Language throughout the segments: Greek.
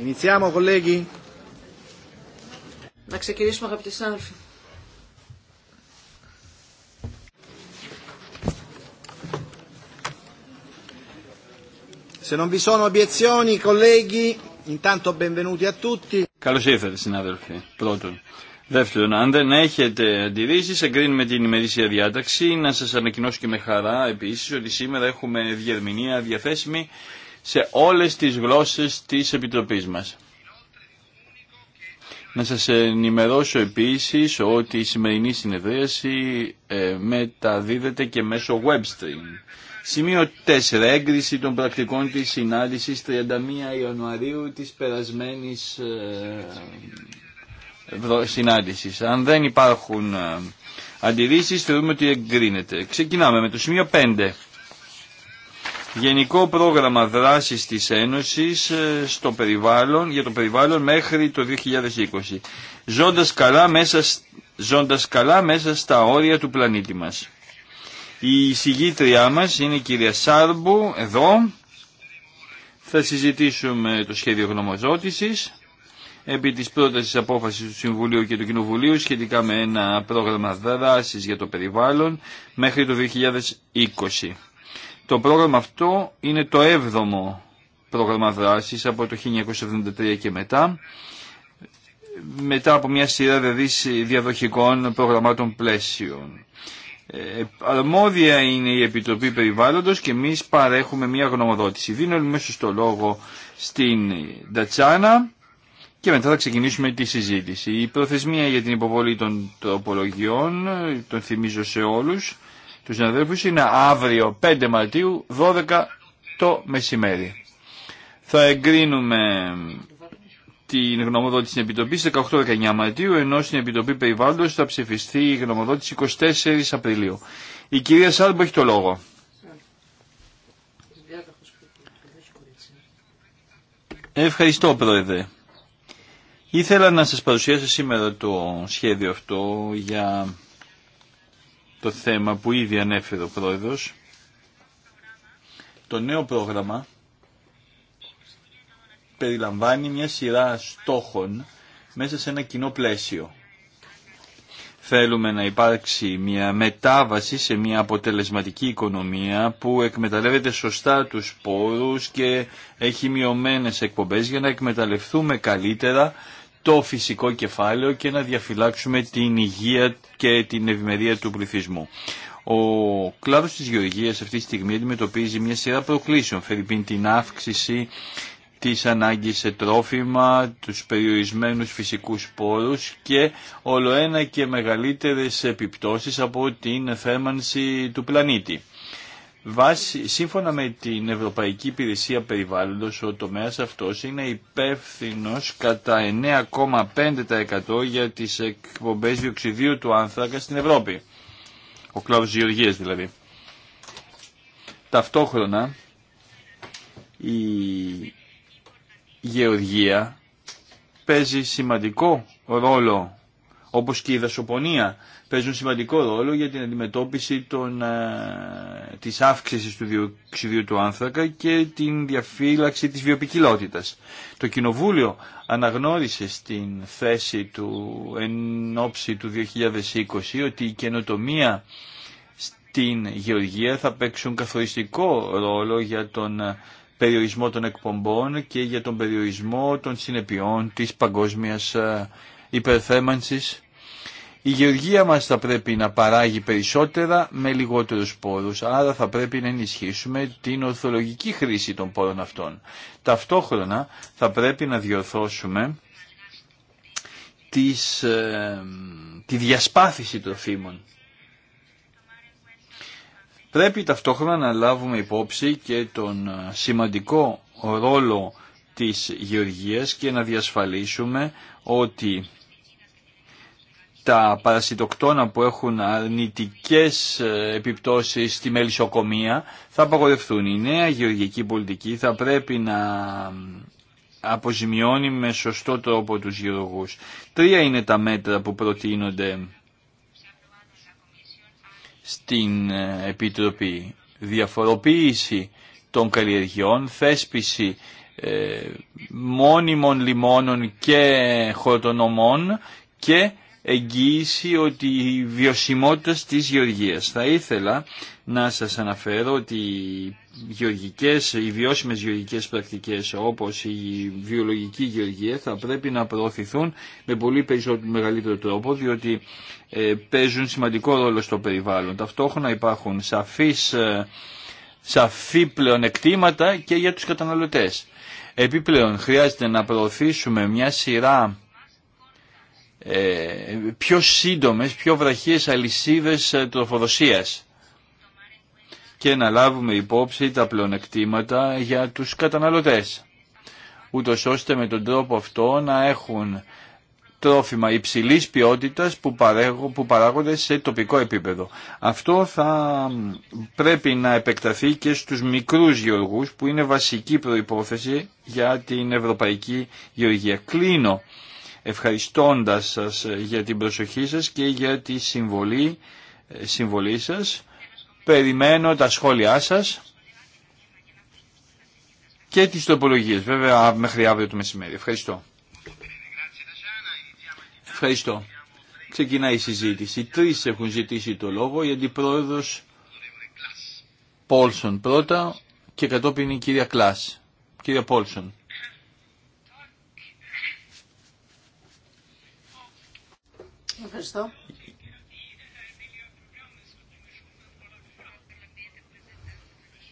Iniziamo, colleghi. Να ξεκινήσουμε, αγαπητοί συνάδελφοι. Se non vi sono obiezioni, colleghi, intanto benvenuti a tutti. Καλώς ήρθατε, συνάδελφοι, πρώτον. Δεύτερον, αν δεν έχετε αντιρρήσεις, εγκρίνουμε την ημερήσια διάταξη. Να σας ανακοινώσω και με χαρά επίσης ότι σήμερα έχουμε διερμηνία διαθέσιμη σε όλες τις γλώσσες της Επιτροπής μας. Να σας ενημερώσω επίσης ότι η σημερινή συνεδρίαση ε, μεταδίδεται και μέσω webstream. Σημείο 4. Έγκριση των πρακτικών της συνάντησης 31 Ιανουαρίου της περασμένης ε, συνάντησης. Αν δεν υπάρχουν ε, αντιρρήσεις θεωρούμε ότι εγκρίνεται. Ξεκινάμε με το σημείο 5. Γενικό πρόγραμμα δράσης της Ένωσης ε, στο περιβάλλον, για το περιβάλλον μέχρι το 2020. Ζώντας καλά μέσα, ζώντας καλά μέσα στα όρια του πλανήτη μας. Η συγγήτριά μας είναι η κυρία Σάρμπου, εδώ. Θα συζητήσουμε το σχέδιο γνωμοζώτησης επί της πρότασης απόφασης του Συμβουλίου και του Κοινοβουλίου σχετικά με ένα πρόγραμμα δράσης για το περιβάλλον μέχρι το 2020. Το πρόγραμμα αυτό είναι το έβδομο πρόγραμμα δράσης από το 1973 και μετά, μετά από μια σειρά διαδοχικών προγραμμάτων πλαίσιων. Ε, αρμόδια είναι η Επιτροπή Περιβάλλοντος και εμείς παρέχουμε μια γνωμοδότηση. Δίνω μέσω στο λόγο στην Ντατσάνα και μετά θα ξεκινήσουμε τη συζήτηση. Η προθεσμία για την υποβολή των τροπολογιών, ε, τον θυμίζω σε όλους, του συναδέλφου είναι αύριο 5 Μαρτίου 12 το μεσημέρι. Θα εγκρίνουμε την γνωμοδότηση στην Επιτροπή 18-19 Μαρτίου, ενώ στην Επιτροπή Περιβάλλοντος θα ψηφιστεί η γνωμοδότηση 24 Απριλίου. Η κυρία Σάρμπο έχει το λόγο. Ευχαριστώ Πρόεδρε. Ήθελα να σας παρουσιάσω σήμερα το σχέδιο αυτό για το θέμα που ήδη ανέφερε ο Πρόεδρος. Το νέο πρόγραμμα περιλαμβάνει μια σειρά στόχων μέσα σε ένα κοινό πλαίσιο. Θέλουμε να υπάρξει μια μετάβαση σε μια αποτελεσματική οικονομία που εκμεταλλεύεται σωστά τους πόρους και έχει μειωμένες εκπομπές για να εκμεταλλευτούμε καλύτερα το φυσικό κεφάλαιο και να διαφυλάξουμε την υγεία και την ευημερία του πληθυσμού. Ο κλάδος της γεωργίας αυτή τη στιγμή αντιμετωπίζει μια σειρά προκλήσεων. Φερρυπίν την αύξηση της ανάγκης σε τρόφιμα, τους περιορισμένους φυσικούς πόρους και όλο ένα και μεγαλύτερες επιπτώσεις από την θέρμανση του πλανήτη. Βάση, σύμφωνα με την Ευρωπαϊκή Υπηρεσία Περιβάλλοντος, ο τομέας αυτός είναι υπεύθυνο κατά 9,5% για τις εκπομπές διοξιδίου του άνθρακα στην Ευρώπη. Ο κλάδος γεωργίας δηλαδή. Ταυτόχρονα, η γεωργία παίζει σημαντικό ρόλο, όπως και η δασοπονία, παίζουν σημαντικό ρόλο για την αντιμετώπιση των, ε, της αύξησης του διοξιδίου του άνθρακα και την διαφύλαξη της βιοπικιλότητας. Το Κοινοβούλιο αναγνώρισε στην θέση του εν ώψη του 2020 ότι η καινοτομία στην γεωργία θα παίξουν καθοριστικό ρόλο για τον ε, περιορισμό των εκπομπών και για τον περιορισμό των συνεπειών της παγκόσμιας ε, υπερθέμανσης η γεωργία μας θα πρέπει να παράγει περισσότερα με λιγότερους πόρους, άρα θα πρέπει να ενισχύσουμε την ορθολογική χρήση των πόρων αυτών. Ταυτόχρονα θα πρέπει να διορθώσουμε ε, τη διασπάθηση τροφίμων. Πρέπει ταυτόχρονα να λάβουμε υπόψη και τον ε, σημαντικό ρόλο της γεωργίας και να διασφαλίσουμε ότι τα παρασιτοκτόνα που έχουν αρνητικές ε, επιπτώσεις στη μελισσοκομεία θα απαγορευτούν. Η νέα γεωργική πολιτική θα πρέπει να αποζημιώνει με σωστό τρόπο τους γεωργούς. Τρία είναι τα μέτρα που προτείνονται στην ε, Επιτροπή. Διαφοροποίηση των καλλιεργειών, θέσπιση ε, μόνιμων λιμόνων και χορτονομών και εγγύηση ότι η βιωσιμότητα της γεωργίας. Θα ήθελα να σας αναφέρω ότι οι, γεωργικές, οι βιώσιμες γεωργικές πρακτικές όπως η βιολογική γεωργία θα πρέπει να προωθηθούν με πολύ περισσότερο μεγαλύτερο τρόπο διότι ε, παίζουν σημαντικό ρόλο στο περιβάλλον. Ταυτόχρονα υπάρχουν σαφείς, ε, σαφή πλεονεκτήματα και για τους καταναλωτές. Επιπλέον χρειάζεται να προωθήσουμε μια σειρά ε, πιο σύντομες, πιο βραχίες αλυσίδες ε, τροφοδοσίας και να λάβουμε υπόψη τα πλεονεκτήματα για τους καταναλωτές, ούτως ώστε με τον τρόπο αυτό να έχουν τρόφιμα υψηλής ποιότητας που, που παράγονται σε τοπικό επίπεδο. Αυτό θα πρέπει να επεκταθεί και στους μικρούς γεωργούς που είναι βασική προϋπόθεση για την ευρωπαϊκή γεωργία. Κλείνω ευχαριστώντας σας ε, για την προσοχή σας και για τη συμβολή, ε, συμβολή σας. Περιμένω τα σχόλιά σας και τις τοπολογίες. βέβαια μέχρι αύριο το μεσημέρι. Ευχαριστώ. Ευχαριστώ. Ξεκινάει η συζήτηση. Τρεις έχουν ζητήσει το λόγο. Η αντιπρόεδρος Πόλσον πρώτα και κατόπιν η κυρία Κλάς. Κυρία Πόλσον. Ευχαριστώ.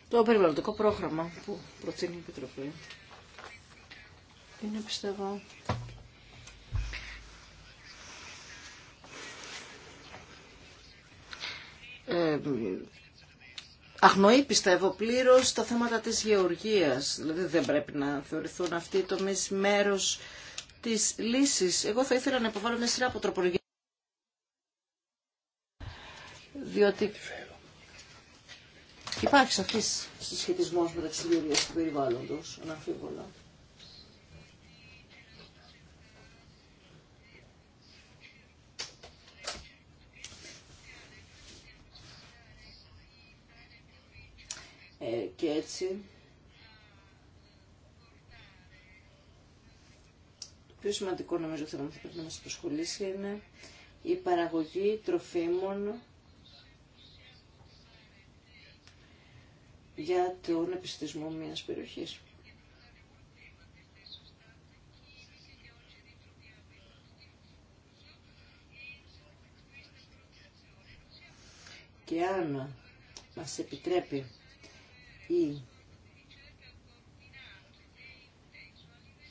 Το περιβαλλοντικό πρόγραμμα που προτείνει η Επιτροπή είναι πιστεύω ε, αγνοεί πιστεύω πλήρως τα θέματα της γεωργίας. Δηλαδή δεν πρέπει να θεωρηθούν αυτοί το μέρος της λύσης. Εγώ θα ήθελα να υποβάλω μια σειρά από τροπολογίες. διότι υπάρχει σαφής συσχετισμός μεταξύ γεωργίας και περιβάλλοντος, αναμφίβολα. Ε, και έτσι το πιο σημαντικό νομίζω θέμα που θα πρέπει να μας απασχολήσει είναι η παραγωγή τροφίμων για τον επιστησμό μιας περιοχής. Και αν μας επιτρέπει η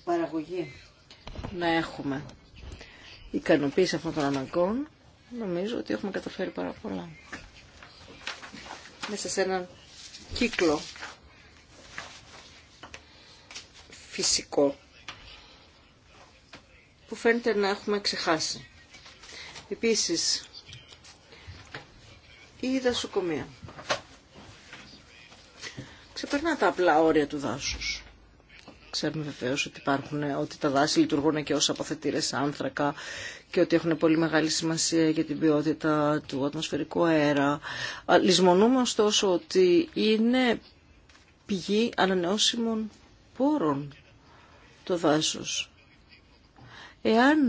παραγωγή να έχουμε ικανοποίηση αυτών των αναγκών, νομίζω ότι έχουμε καταφέρει πάρα πολλά. Μέσα σε έναν κύκλο φυσικό που φαίνεται να έχουμε ξεχάσει. Επίσης, η δασοκομεία ξεπερνά τα απλά όρια του δάσους. Ξέρουμε βεβαίω ότι, ότι τα δάση λειτουργούν και ω αποθετήρε άνθρακα και ότι έχουν πολύ μεγάλη σημασία για την ποιότητα του ατμοσφαιρικού αέρα. Λυσμονούμε ωστόσο ότι είναι πηγή ανανεώσιμων πόρων το δάσος. Εάν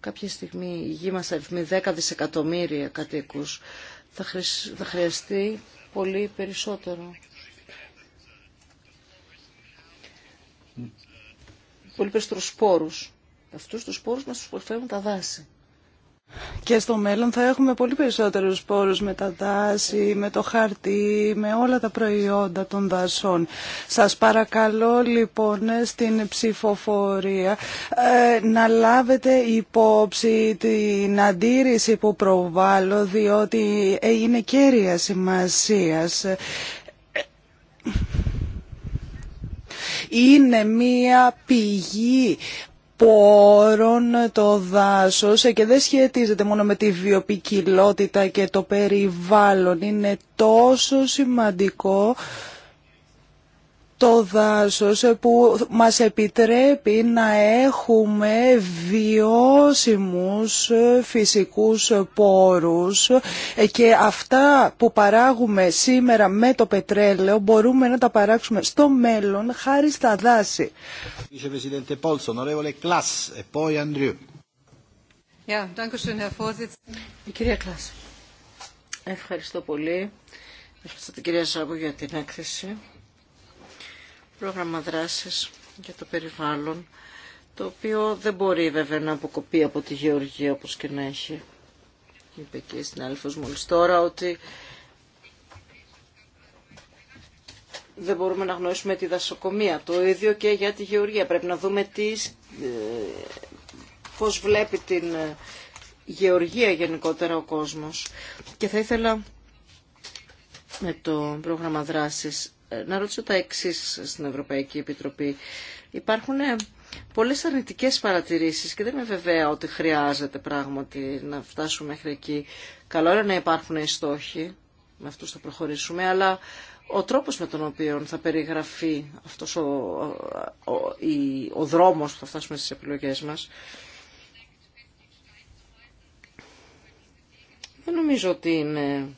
κάποια στιγμή η γη μας αριθμεί 10 δισεκατομμύρια κατοίκους, θα χρειαστεί πολύ περισσότερο. πολύ περισσότερους σπόρους. Αυτούς τους σπόρους μας τους προσφέρουν τα δάση. Και στο μέλλον θα έχουμε πολύ περισσότερους σπόρους με τα δάση, με το χαρτί, με όλα τα προϊόντα των δασών. Σας παρακαλώ λοιπόν στην ψηφοφορία ε, να λάβετε υπόψη την αντίρρηση που προβάλλω διότι είναι κέρια σημασίας. Ε, είναι μία πηγή πόρων το δάσος και δεν σχετίζεται μόνο με τη βιοπικιλότητα και το περιβάλλον. Είναι τόσο σημαντικό το δάσος που μας επιτρέπει να έχουμε βιώσιμους φυσικούς πόρους και αυτά που παράγουμε σήμερα με το πετρέλαιο μπορούμε να τα παράξουμε στο μέλλον χάρη στα δάση. E Ευχαριστώ πολύ. Ευχαριστώ την κυρία Σάμπου για την έκθεση πρόγραμμα δράσης για το περιβάλλον, το οποίο δεν μπορεί βέβαια να αποκοπεί από τη γεωργία όπως και να έχει. Είπε και στην αλφός μόλις τώρα ότι δεν μπορούμε να γνωρίσουμε τη δασοκομεία. Το ίδιο και για τη γεωργία. Πρέπει να δούμε τι ε, πώς βλέπει την ε, γεωργία γενικότερα ο κόσμος. Και θα ήθελα με το πρόγραμμα δράσης να ρωτήσω τα εξή στην Ευρωπαϊκή Επιτροπή. Υπάρχουν ε, πολλέ αρνητικές παρατηρήσεις και δεν είμαι βεβαία ότι χρειάζεται πράγματι να φτάσουμε μέχρι εκεί. Καλό είναι να υπάρχουν οι στόχοι, με αυτού θα προχωρήσουμε, αλλά ο τρόπος με τον οποίο θα περιγραφεί αυτός ο, ο, ο που θα φτάσουμε στις επιλογές μας, δεν νομίζω ότι είναι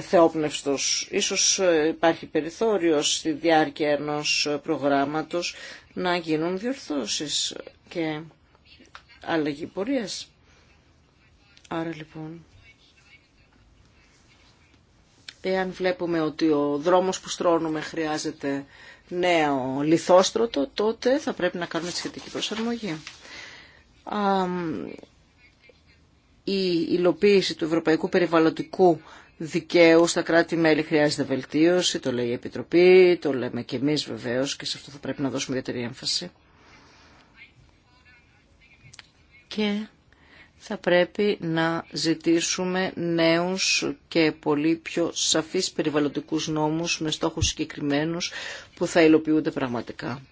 θεόπνευστος. Ίσως ε, υπάρχει περιθώριο στη διάρκεια ενός προγράμματος να γίνουν διορθώσεις και αλλαγή πορείας. Άρα λοιπόν, εάν βλέπουμε ότι ο δρόμος που στρώνουμε χρειάζεται νέο λιθόστρωτο, τότε θα πρέπει να κάνουμε τη σχετική προσαρμογή. Η υλοποίηση του Ευρωπαϊκού Περιβαλλοντικού δικαίου στα κράτη-μέλη χρειάζεται βελτίωση, το λέει η Επιτροπή, το λέμε και εμείς βεβαίως και σε αυτό θα πρέπει να δώσουμε ιδιαίτερη έμφαση. Και θα πρέπει να ζητήσουμε νέους και πολύ πιο σαφείς περιβαλλοντικούς νόμους με στόχους συγκεκριμένους που θα υλοποιούνται πραγματικά.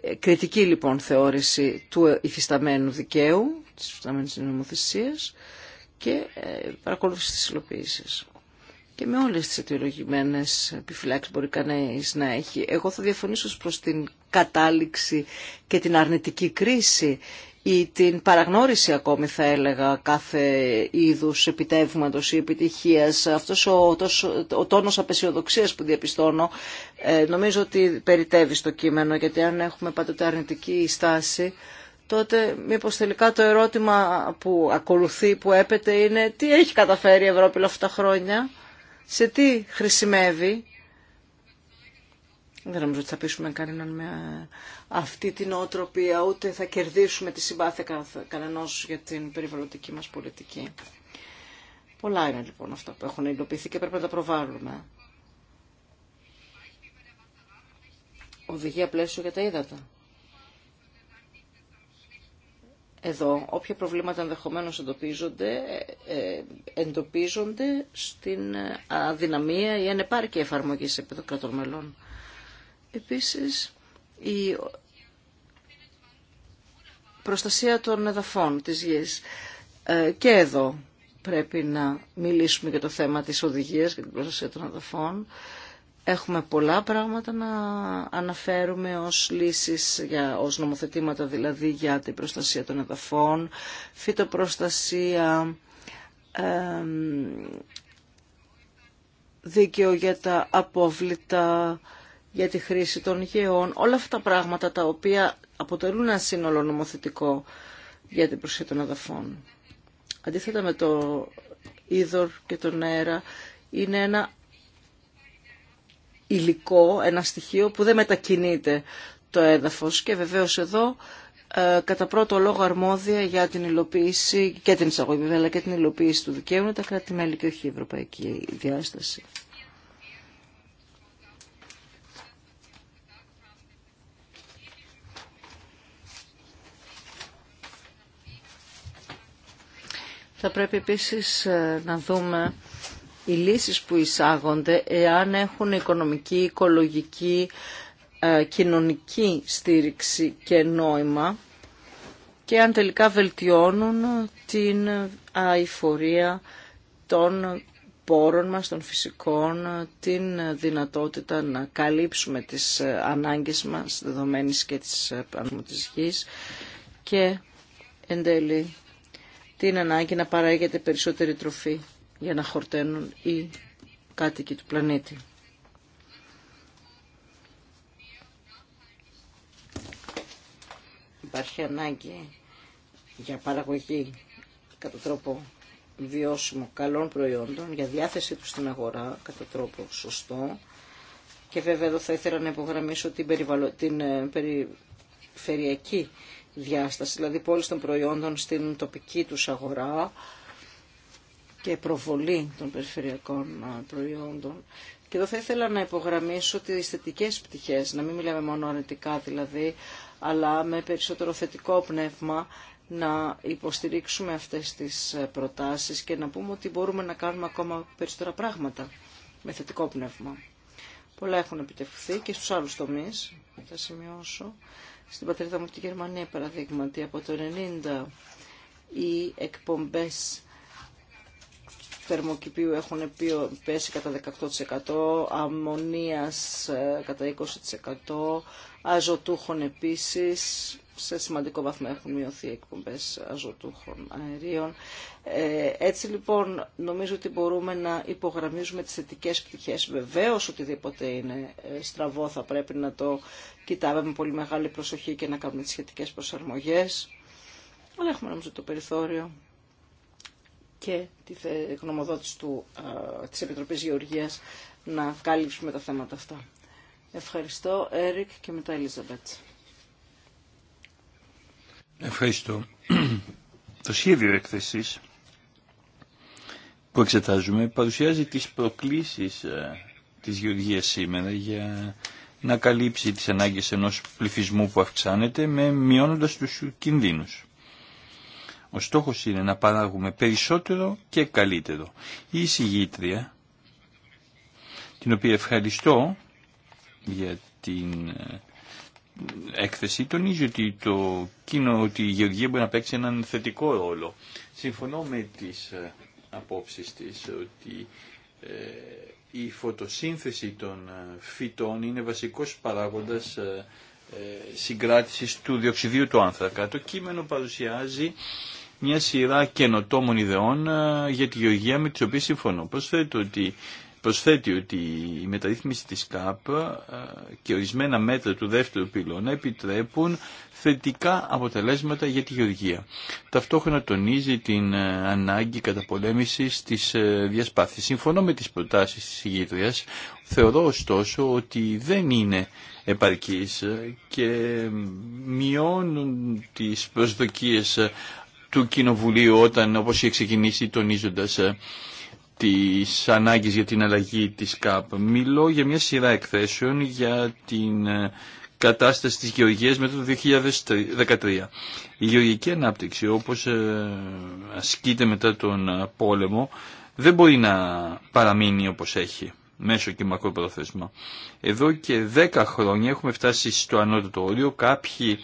Ε, κριτική λοιπόν θεώρηση του υφισταμένου δικαίου, της υφισταμένης νομοθεσίας και ε, παρακολούθηση της υλοποίησης και με όλες τις αιτιολογημένες επιφυλάξεις μπορεί κανείς να έχει. Εγώ θα διαφωνήσω προς την κατάληξη και την αρνητική κρίση ή την παραγνώριση ακόμη θα έλεγα κάθε είδους επιτεύγματος ή επιτυχίας. Αυτός ο, τόσο, ο τόνος απεσιοδοξίας που διαπιστώνω ε, νομίζω ότι περιτεύει στο κείμενο γιατί αν έχουμε πάντοτε αρνητική στάση τότε μήπως τελικά το ερώτημα που ακολουθεί, που έπεται είναι τι έχει καταφέρει η Ευρώπη όλα αυτά τα χρόνια σε τι χρησιμεύει. Δεν νομίζω ότι θα πείσουμε κανέναν με αυτή την οτροπία, ούτε θα κερδίσουμε τη συμπάθεια κανενός για την περιβαλλοντική μας πολιτική. Πολλά είναι λοιπόν αυτά που έχουν υλοποιηθεί και πρέπει να τα προβάλλουμε. Οδηγία πλαίσιο για τα ύδατα. Εδώ, όποια προβλήματα ενδεχομένω εντοπίζονται, ε, εντοπίζονται στην ε, αδυναμία ή ανεπάρκεια εφαρμογής σε επίπεδο κρατών μελών. Επίσης, η ανεπαρκεια εφαρμογή σε επιπεδο κρατων μελων επισης η προστασια των εδαφών της γη. Ε, και εδώ πρέπει να μιλήσουμε για το θέμα της οδηγίας και την προστασία των εδαφών. Έχουμε πολλά πράγματα να αναφέρουμε ως λύσεις, για, ως νομοθετήματα δηλαδή για την προστασία των εδαφών, φυτοπροστασία, δίκαιο για τα απόβλητα, για τη χρήση των γεών, όλα αυτά τα πράγματα τα οποία αποτελούν ένα σύνολο νομοθετικό για την προστασία των εδαφών. Αντίθετα με το είδωρ και τον αέρα, είναι ένα υλικό, ένα στοιχείο που δεν μετακινείται το έδαφος και βεβαίως εδώ ε, κατά πρώτο λόγο αρμόδια για την υλοποίηση και την εισαγωγή αλλά και την υλοποίηση του δικαίου είναι τα κράτη-μέλη και όχι η ευρωπαϊκή διάσταση. Θα πρέπει επίσης ε, να δούμε οι λύσεις που εισάγονται εάν έχουν οικονομική, οικολογική, ε, κοινωνική στήριξη και νόημα και αν τελικά βελτιώνουν την αηφορία των πόρων μας, των φυσικών, την δυνατότητα να καλύψουμε τις ε, ανάγκες μας, δεδομένης και της πάνω ε, και εν τέλει την ανάγκη να παράγεται περισσότερη τροφή για να χορταίνουν οι κάτοικοι του πλανήτη. Υπάρχει ανάγκη για παραγωγή κατά τρόπο βιώσιμο καλών προϊόντων, για διάθεσή του στην αγορά κατά τρόπο σωστό. Και βέβαια εδώ θα ήθελα να υπογραμμίσω την, την ε, περιφερειακή διάσταση, δηλαδή πόλεις των προϊόντων στην τοπική τους αγορά, και προβολή των περιφερειακών προϊόντων. Και εδώ θα ήθελα να υπογραμμίσω οι θετικές πτυχές, να μην μιλάμε μόνο αρνητικά δηλαδή, αλλά με περισσότερο θετικό πνεύμα να υποστηρίξουμε αυτές τις ε, προτάσεις και να πούμε ότι μπορούμε να κάνουμε ακόμα περισσότερα πράγματα με θετικό πνεύμα. Πολλά έχουν επιτευχθεί και στους άλλους τομείς, θα σημειώσω. Στην πατρίδα μου, τη Γερμανία, παραδείγματι, από το 90 οι εκπομπές θερμοκηπίου έχουν πέσει κατά 18%, αμμονίας ε, κατά 20%, αζωτούχων επίσης, σε σημαντικό βαθμό έχουν μειωθεί οι εκπομπές αζωτούχων αερίων. Ε, έτσι λοιπόν νομίζω ότι μπορούμε να υπογραμμίζουμε τις θετικέ πτυχές. Βεβαίως οτιδήποτε είναι ε, στραβό θα πρέπει να το κοιτάμε με πολύ μεγάλη προσοχή και να κάνουμε τις σχετικές προσαρμογές. Αλλά έχουμε νομίζω το περιθώριο και τη γνωμοδότηση του, α, της Επιτροπής Γεωργίας να κάλυψουμε τα θέματα αυτά. Ευχαριστώ, Έρικ και μετά Ελίζαμπετ. Ευχαριστώ. Το σχέδιο έκθεσης που εξετάζουμε παρουσιάζει τις προκλήσεις ε, της γεωργίας σήμερα για να καλύψει τις ανάγκες ενός πληθυσμού που αυξάνεται με μειώνοντας τους κινδύνους. Ο στόχος είναι να παράγουμε περισσότερο και καλύτερο. Η εισηγήτρια, την οποία ευχαριστώ για την ε, έκθεση, τονίζει ότι, το κοινό, ότι η Γεωργία μπορεί να παίξει έναν θετικό ρόλο. Συμφωνώ με τις ε, απόψεις της ότι ε, η φωτοσύνθεση των φυτών είναι βασικός παράγοντας συγκράτησης του διοξιδίου του άνθρακα. Το κείμενο παρουσιάζει μια σειρά καινοτόμων ιδεών ε, για τη γεωργία με τις οποίες συμφωνώ. Προσθέτω ότι προσθέτει ότι η μεταρρύθμιση της ΚΑΠ ε, και ορισμένα μέτρα του δεύτερου πυλώνα επιτρέπουν θετικά αποτελέσματα για τη γεωργία. Ταυτόχρονα τονίζει την ε, ανάγκη καταπολέμησης της διασπάθειας. Συμφωνώ με τις προτάσεις της ηγήτριας, θεωρώ ωστόσο ότι δεν είναι επαρκής και μειώνουν τις προσδοκίες του Κοινοβουλίου όταν όπως είχε ξεκινήσει τονίζοντας ε, τις ανάγκες για την αλλαγή της ΚΑΠ. Μιλώ για μια σειρά εκθέσεων για την ε, κατάσταση της γεωργίας μετά το 2013. Η γεωργική ανάπτυξη όπως ε, ασκείται μετά τον πόλεμο δεν μπορεί να παραμείνει όπως έχει μέσω και μακροπρόθεσμα. Εδώ και 10 χρόνια έχουμε φτάσει στο ανώτατο όριο. Κάποιοι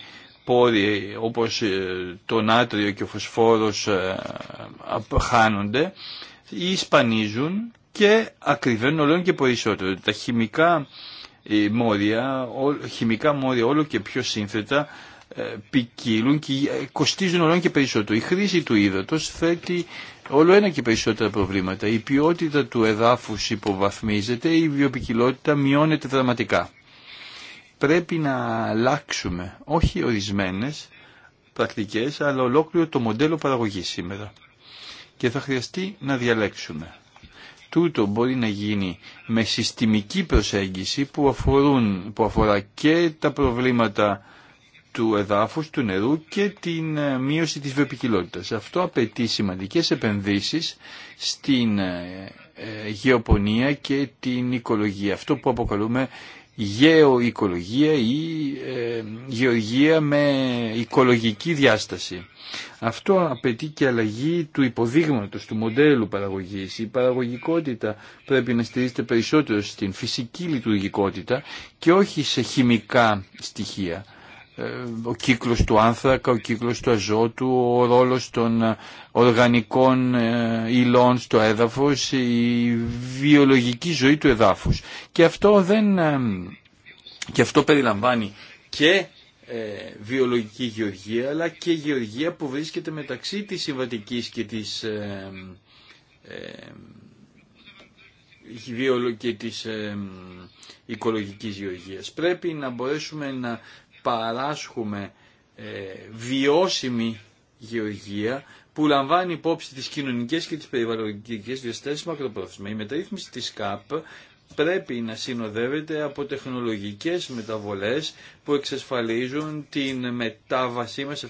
ποδι όπως ε, το νάτριο και ο φωσφόρος ε, χάνονται ή σπανίζουν και ακριβένουν όλο και περισσότερο. Τα χημικά ε, μόρια, χημικά μόρια όλο και πιο σύνθετα ποικίλουν και κοστίζουν όλο και περισσότερο. Η χρήση του ύδατος θέτει όλο ένα και περισσότερα προβλήματα. Η ποιότητα του εδάφους υποβαθμίζεται, η βιοπικιλότητα μειώνεται δραματικά πρέπει να αλλάξουμε όχι ορισμένες πρακτικές αλλά ολόκληρο το μοντέλο παραγωγής σήμερα και θα χρειαστεί να διαλέξουμε. Τούτο μπορεί να γίνει με συστημική προσέγγιση που, που αφορά και τα προβλήματα του εδάφους, του νερού και την ε, μείωση της βιοπικιλότητας. Αυτό απαιτεί σημαντικές επενδύσεις στην ε, ε, γεωπονία και την οικολογία, αυτό που αποκαλούμε ε, απαιτεί και αλλαγή του υποδείγματος, του μοντέλου παραγωγής. Η παραγωγικότητα πρέπει να στηρίζεται περισσότερο στην φυσική λειτουργικότητα και όχι σε χημικά στοιχεία. Ε, ο κύκλος του άνθρακα, ο κύκλος του αζότου, ο ρόλος των ε, οργανικών ε, υλών στο έδαφος, η βιολογική ζωή του εδάφους. Και αυτό, δεν, και αυτό περιλαμβάνει και βιολογική γεωργία, αλλά και γεωργία που βρίσκεται μεταξύ της συμβατικής και της και της οικολογικής γεωργίας. Πρέπει να μπορέσουμε να παράσχουμε ε, βιώσιμη γεωργία που λαμβάνει υπόψη τις κοινωνικές και τις περιβαλλοντικές διαστάσεις μακροπρόθεσμα. Η μεταρρύθμιση της ΚΑΠ πρέπει να συνοδεύεται από τεχνολογικές μεταβολές που εξασφαλίζουν την μετάβασή μας σε,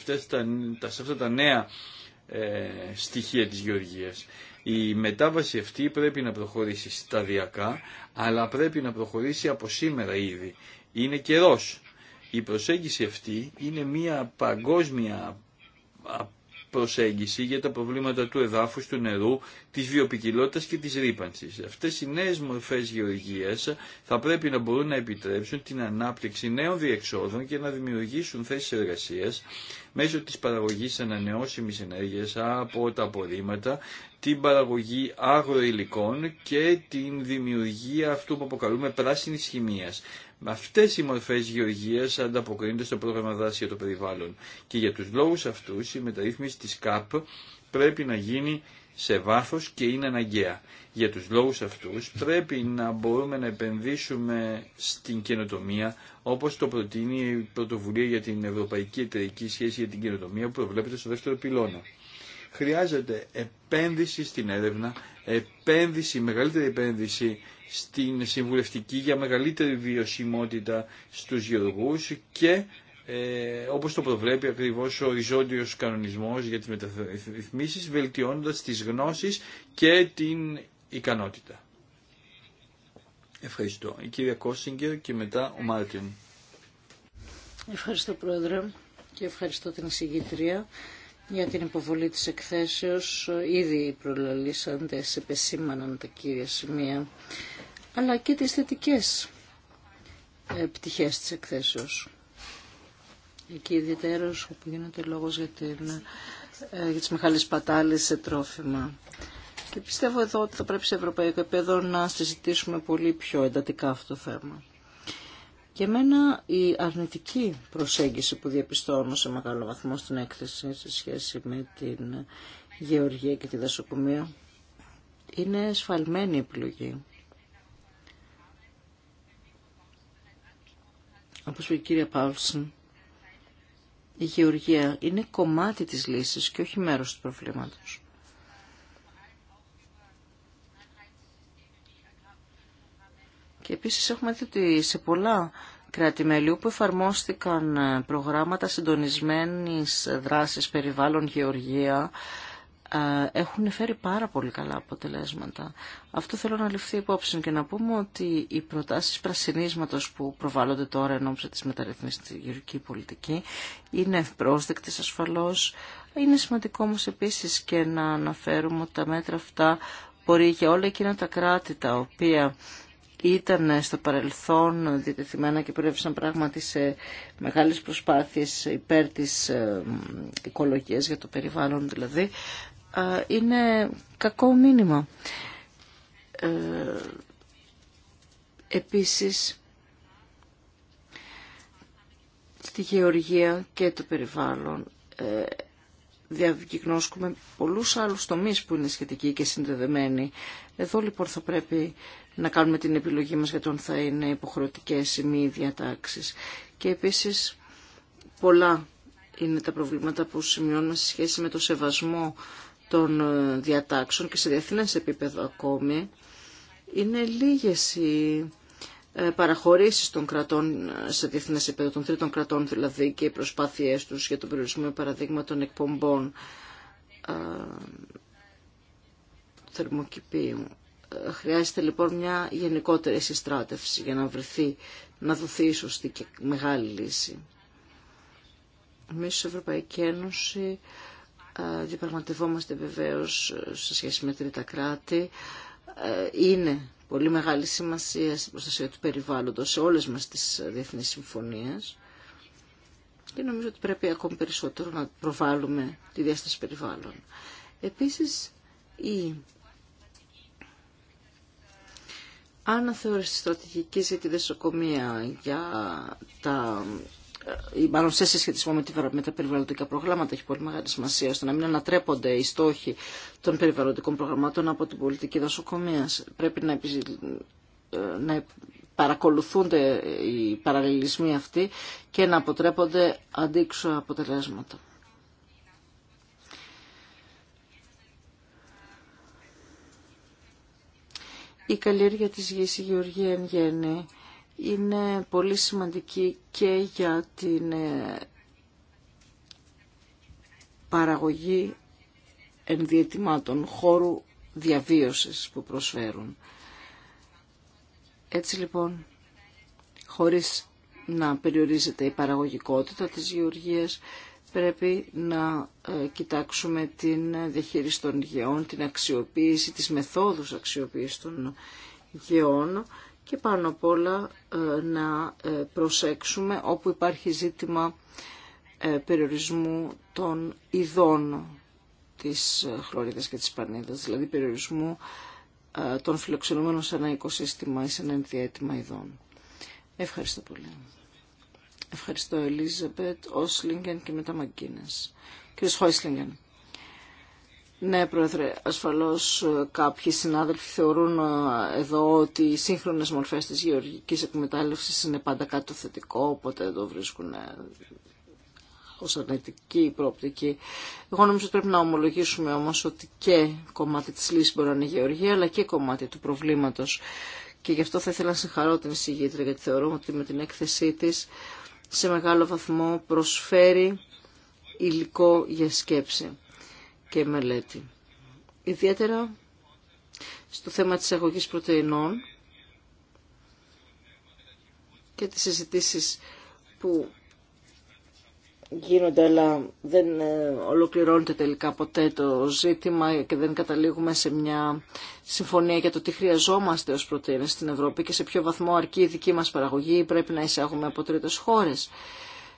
τα, σε αυτά τα νέα ε, στοιχεία της γεωργίας. Η μετάβαση αυτή πρέπει να προχωρήσει σταδιακά, αλλά πρέπει να προχωρήσει από σήμερα ήδη. Είναι καιρός η προσέγγιση αυτή είναι μια παγκόσμια προσέγγιση για τα προβλήματα του εδάφους, του νερού, της βιοπικιλότητας και της ρήπανσης. Αυτές οι νέες μορφές γεωργίας θα πρέπει να μπορούν να επιτρέψουν την ανάπτυξη νέων διεξόδων και να δημιουργήσουν θέσεις εργασίας μέσω της παραγωγής ανανεώσιμης ενέργειας από τα απορρίμματα, την παραγωγή άγροηλικών και την δημιουργία αυτού που αποκαλούμε πράσινης χημίας. Αυτές οι μορφές γεωργίας ανταποκρίνονται στο πρόγραμμα δράση για το περιβάλλον και για τους λόγους αυτούς η μεταρρύθμιση της ΚΑΠ πρέπει να γίνει σε βάθος και είναι αναγκαία. Για τους λόγους αυτούς πρέπει να μπορούμε να επενδύσουμε στην καινοτομία όπως το προτείνει η πρωτοβουλία για την Ευρωπαϊκή Εταιρική Σχέση για την Καινοτομία που προβλέπεται στο δεύτερο πυλώνα. Χρειάζεται επένδυση στην έρευνα, επένδυση, μεγαλύτερη επένδυση στην συμβουλευτική για μεγαλύτερη βιωσιμότητα στους γεωργούς και ε, όπως το προβλέπει ακριβώς ο οριζόντιος κανονισμός για τις μεταρρυθμίσεις, βελτιώνοντας τις γνώσεις και την ικανότητα. Ευχαριστώ. Η κυρία και μετά ο Μάρτιν. Ευχαριστώ Πρόεδρε και ευχαριστώ την εισηγήτρια για την υποβολή της εκθέσεως. Ήδη οι προλαλήσαντες επεσήμαναν τα κύρια σημεία αλλά και τις θετικές ε, πτυχές της εκθέσεως. Εκεί ιδιαίτερος όπου γίνεται λόγος για, την, ε, για τις μεγάλες πατάλες σε τρόφιμα. Και πιστεύω εδώ ότι θα πρέπει σε ευρωπαϊκό επίπεδο να συζητήσουμε πολύ πιο εντατικά αυτό το θέμα. Και μένα η αρνητική προσέγγιση που διαπιστώνω σε μεγάλο βαθμό στην έκθεση σε σχέση με την γεωργία και τη δασοκομεία είναι σφαλμένη επιλογή. όπως είπε η κυρία η γεωργία είναι κομμάτι της λύσης και όχι μέρος του προβλήματος. Και επίσης έχουμε δει ότι σε πολλά κράτη-μέλη όπου εφαρμόστηκαν ε, προγράμματα συντονισμένης δράσης περιβάλλον γεωργία, έχουν φέρει πάρα πολύ καλά αποτελέσματα. Αυτό θέλω να ληφθεί υπόψη και να πούμε ότι οι προτάσεις πρασινίσματος που προβάλλονται τώρα εν ώψη της μεταρρυθμίσης στη γεωργική πολιτική είναι ευπρόσδεκτες ασφαλώς. Είναι σημαντικό όμως επίσης και να αναφέρουμε ότι τα μέτρα αυτά μπορεί για όλα εκείνα τα κράτη τα οποία ήταν στο παρελθόν διατεθειμένα και προέβησαν πράγματι σε μεγάλες προσπάθειες υπέρ της οικολογίας για το περιβάλλον δηλαδή είναι κακό μήνυμα. Ε, επίσης, στη γεωργία και το περιβάλλον ε, πολλούς άλλους τομείς που είναι σχετικοί και συνδεδεμένοι. Εδώ λοιπόν θα πρέπει να κάνουμε την επιλογή μας για τον θα είναι υποχρεωτικές ή μη διατάξεις. Και επίσης πολλά είναι τα προβλήματα που σημειώνουμε σε σχέση με το σεβασμό των ε, διατάξεων και σε διεθνέ επίπεδο ακόμη, είναι λίγες οι ε, παραχωρήσεις των κρατών ε, σε διεθνέ επίπεδο, των τρίτων κρατών δηλαδή και οι προσπάθειές τους για τον περιορισμό παραδείγμα των εκπομπών θερμοκηπίου. Χρειάζεται λοιπόν μια γενικότερη συστράτευση για να βρεθεί, να δοθεί η σωστή και μεγάλη λύση. Εμείς στην Ευρωπαϊκή Ένωση ε, διαπραγματευόμαστε βεβαίως ε, σε σχέση με τρίτα κράτη. Ε, είναι πολύ μεγάλη σημασία στην προστασία του περιβάλλοντος σε όλες μας τις διεθνείς συμφωνίες και νομίζω ότι πρέπει ακόμη περισσότερο να προβάλλουμε τη διάσταση περιβάλλον. Επίσης, η αναθεώρηση στρατηγικής για τη δεσοκομεία, για τα μάλλον σε συσχετισμό με, με τα περιβαλλοντικά προγράμματα έχει πολύ μεγάλη σημασία ώστε να μην ανατρέπονται οι στόχοι των περιβαλλοντικών προγραμμάτων από την πολιτική δασοκομεία. Πρέπει να, επιζη... Ε, να παρακολουθούνται οι παραλληλισμοί αυτοί και να αποτρέπονται αντίξω αποτελέσματα. Η καλλιέργεια της γης, η γεωργία εν είναι πολύ σημαντική και για την ε, παραγωγή ενδιαιτημάτων, χώρου διαβίωσης που προσφέρουν. Έτσι λοιπόν, χωρίς να περιορίζεται η παραγωγικότητα της γεωργίας, πρέπει να ε, κοιτάξουμε την διαχείριση των γεών, την αξιοποίηση, τις μεθόδους αξιοποίησης των γεών και πάνω απ' όλα ε, να ε, προσέξουμε όπου υπάρχει ζήτημα ε, περιορισμού των ειδών της χλωρίδας και της πανίδας, δηλαδή περιορισμού των φιλοξενούμενων σε ένα οικοσύστημα ή σε ένα ενδιαίτημα ειδών. Ευχαριστώ πολύ. Ευχαριστώ Ελίζαμπετ, Όσλιγκεν και μετά Μαγκίνες. Κύριος Χόισλιγκεν. Ναι, Πρόεδρε, ασφαλώς ε, κάποιοι συνάδελφοι θεωρούν ε, εδώ ότι οι σύγχρονες μορφές της γεωργικής εκμετάλλευσης είναι πάντα κάτι το θετικό, οπότε εδώ βρίσκουν ε, ως αρνητική προοπτική. Εγώ νομίζω ότι πρέπει να ομολογήσουμε όμως ότι και κομμάτι της λύσης μπορεί να είναι η γεωργία, αλλά και κομμάτι του προβλήματος. Και γι' αυτό θα ήθελα να συγχαρώ την εισηγήτρια, γιατί θεωρώ ότι με την έκθεσή της σε μεγάλο βαθμό προσφέρει υλικό για σκέψη και μελέτη. Ιδιαίτερα στο θέμα της αγωγής πρωτεϊνών και τις συζητήσεις που γίνονται αλλά δεν ε, ολοκληρώνεται τελικά ποτέ το ζήτημα και δεν καταλήγουμε σε μια συμφωνία για το τι χρειαζόμαστε ως πρωτεΐνες στην Ευρώπη και σε ποιο βαθμό αρκεί η δική μας παραγωγή πρέπει να εισάγουμε από τρίτες χώρες.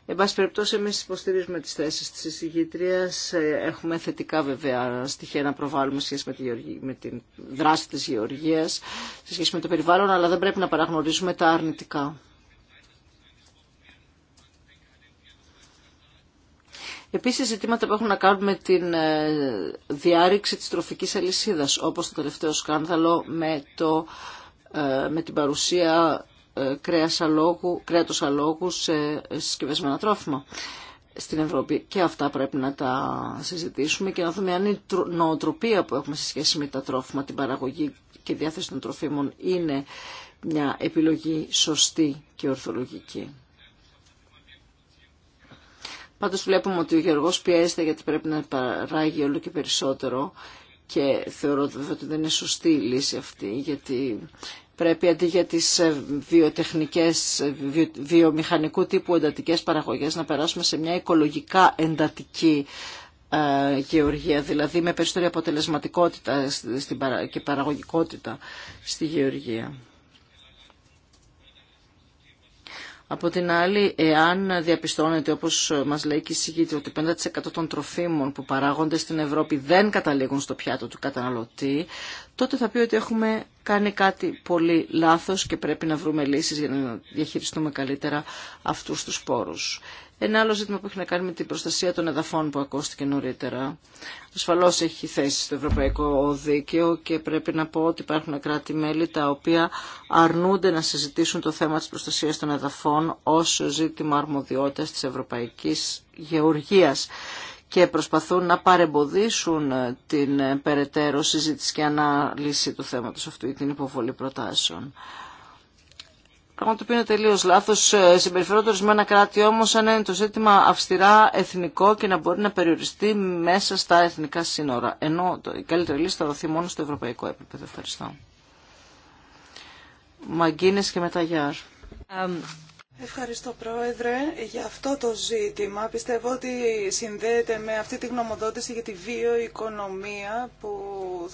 Εν πάση περιπτώσει, εμεί υποστηρίζουμε τι θέσει τη εισηγήτρια. Ε, έχουμε θετικά βέβαια στοιχεία να προβάλλουμε σε σχέση με, τη γεωργία, με την δράση τη γεωργία, σε σχέση με το περιβάλλον, αλλά δεν πρέπει να παραγνωρίζουμε τα αρνητικά. Επίσης ζητήματα που έχουν να κάνουν με την ε, διάρρηξη της τροφικής αλυσίδας, όπως το τελευταίο σκάνδαλο με ε, την παρουσία ε, κρέας αλόγου, κρέατος αλόγου σε συσκευασμένα τρόφιμα στην Ευρώπη. Και αυτά πρέπει να τα συζητήσουμε και να δούμε αν η νοοτροπία που έχουμε σε σχέση με τα τρόφιμα, την παραγωγή και διάθεση των τροφίμων είναι μια επιλογή σωστή και ορθολογική. Πάντως βλέπουμε ότι ο Γεωργός πιέζεται γιατί πρέπει να παράγει όλο και περισσότερο και θεωρώ βέβαια ότι δεν είναι σωστή η λύση αυτή γιατί πρέπει αντί για τις ε, βιοτεχνικές, ε, βιομηχανικού τύπου εντατικές παραγωγές να περάσουμε σε μια οικολογικά εντατική ε, γεωργία, δηλαδή με περισσότερη αποτελεσματικότητα και παραγωγικότητα στη γεωργία. Από την άλλη, εάν διαπιστώνεται, όπως μας λέει και η συγκήτρια, ότι 50% των τροφίμων που παράγονται στην Ευρώπη δεν καταλήγουν στο πιάτο του καταναλωτή, τότε θα πει ότι έχουμε κάνει κάτι πολύ λάθος και πρέπει να βρούμε λύσεις για να διαχειριστούμε καλύτερα αυτούς τους πόρους. Ένα άλλο ζήτημα που έχει να κάνει με την προστασία των εδαφών που ακούστηκε νωρίτερα. Ασφαλώ έχει θέση στο ευρωπαϊκό δίκαιο και πρέπει να πω ότι υπάρχουν κράτη-μέλη τα οποία αρνούνται να συζητήσουν το θέμα τη προστασία των εδαφών ω ζήτημα αρμοδιότητα τη ευρωπαϊκή γεωργία και προσπαθούν να παρεμποδίσουν την περαιτέρω συζήτηση και ανάλυση του θέματος αυτού ή την υποβολή προτάσεων. Πράγμα το οποίο είναι τελείω λάθο. Ε, με ένα κράτη όμω αν είναι το ζήτημα αυστηρά εθνικό και να μπορεί να περιοριστεί μέσα στα εθνικά σύνορα. Ενώ η καλύτερη λύση θα δοθεί μόνο στο ευρωπαϊκό επίπεδο. Ευχαριστώ. Μαγκίνε και μετά Γιάρ. Ευχαριστώ Πρόεδρε για αυτό το ζήτημα. Πιστεύω ότι συνδέεται με αυτή τη γνωμοδότηση για τη βιοοικονομία που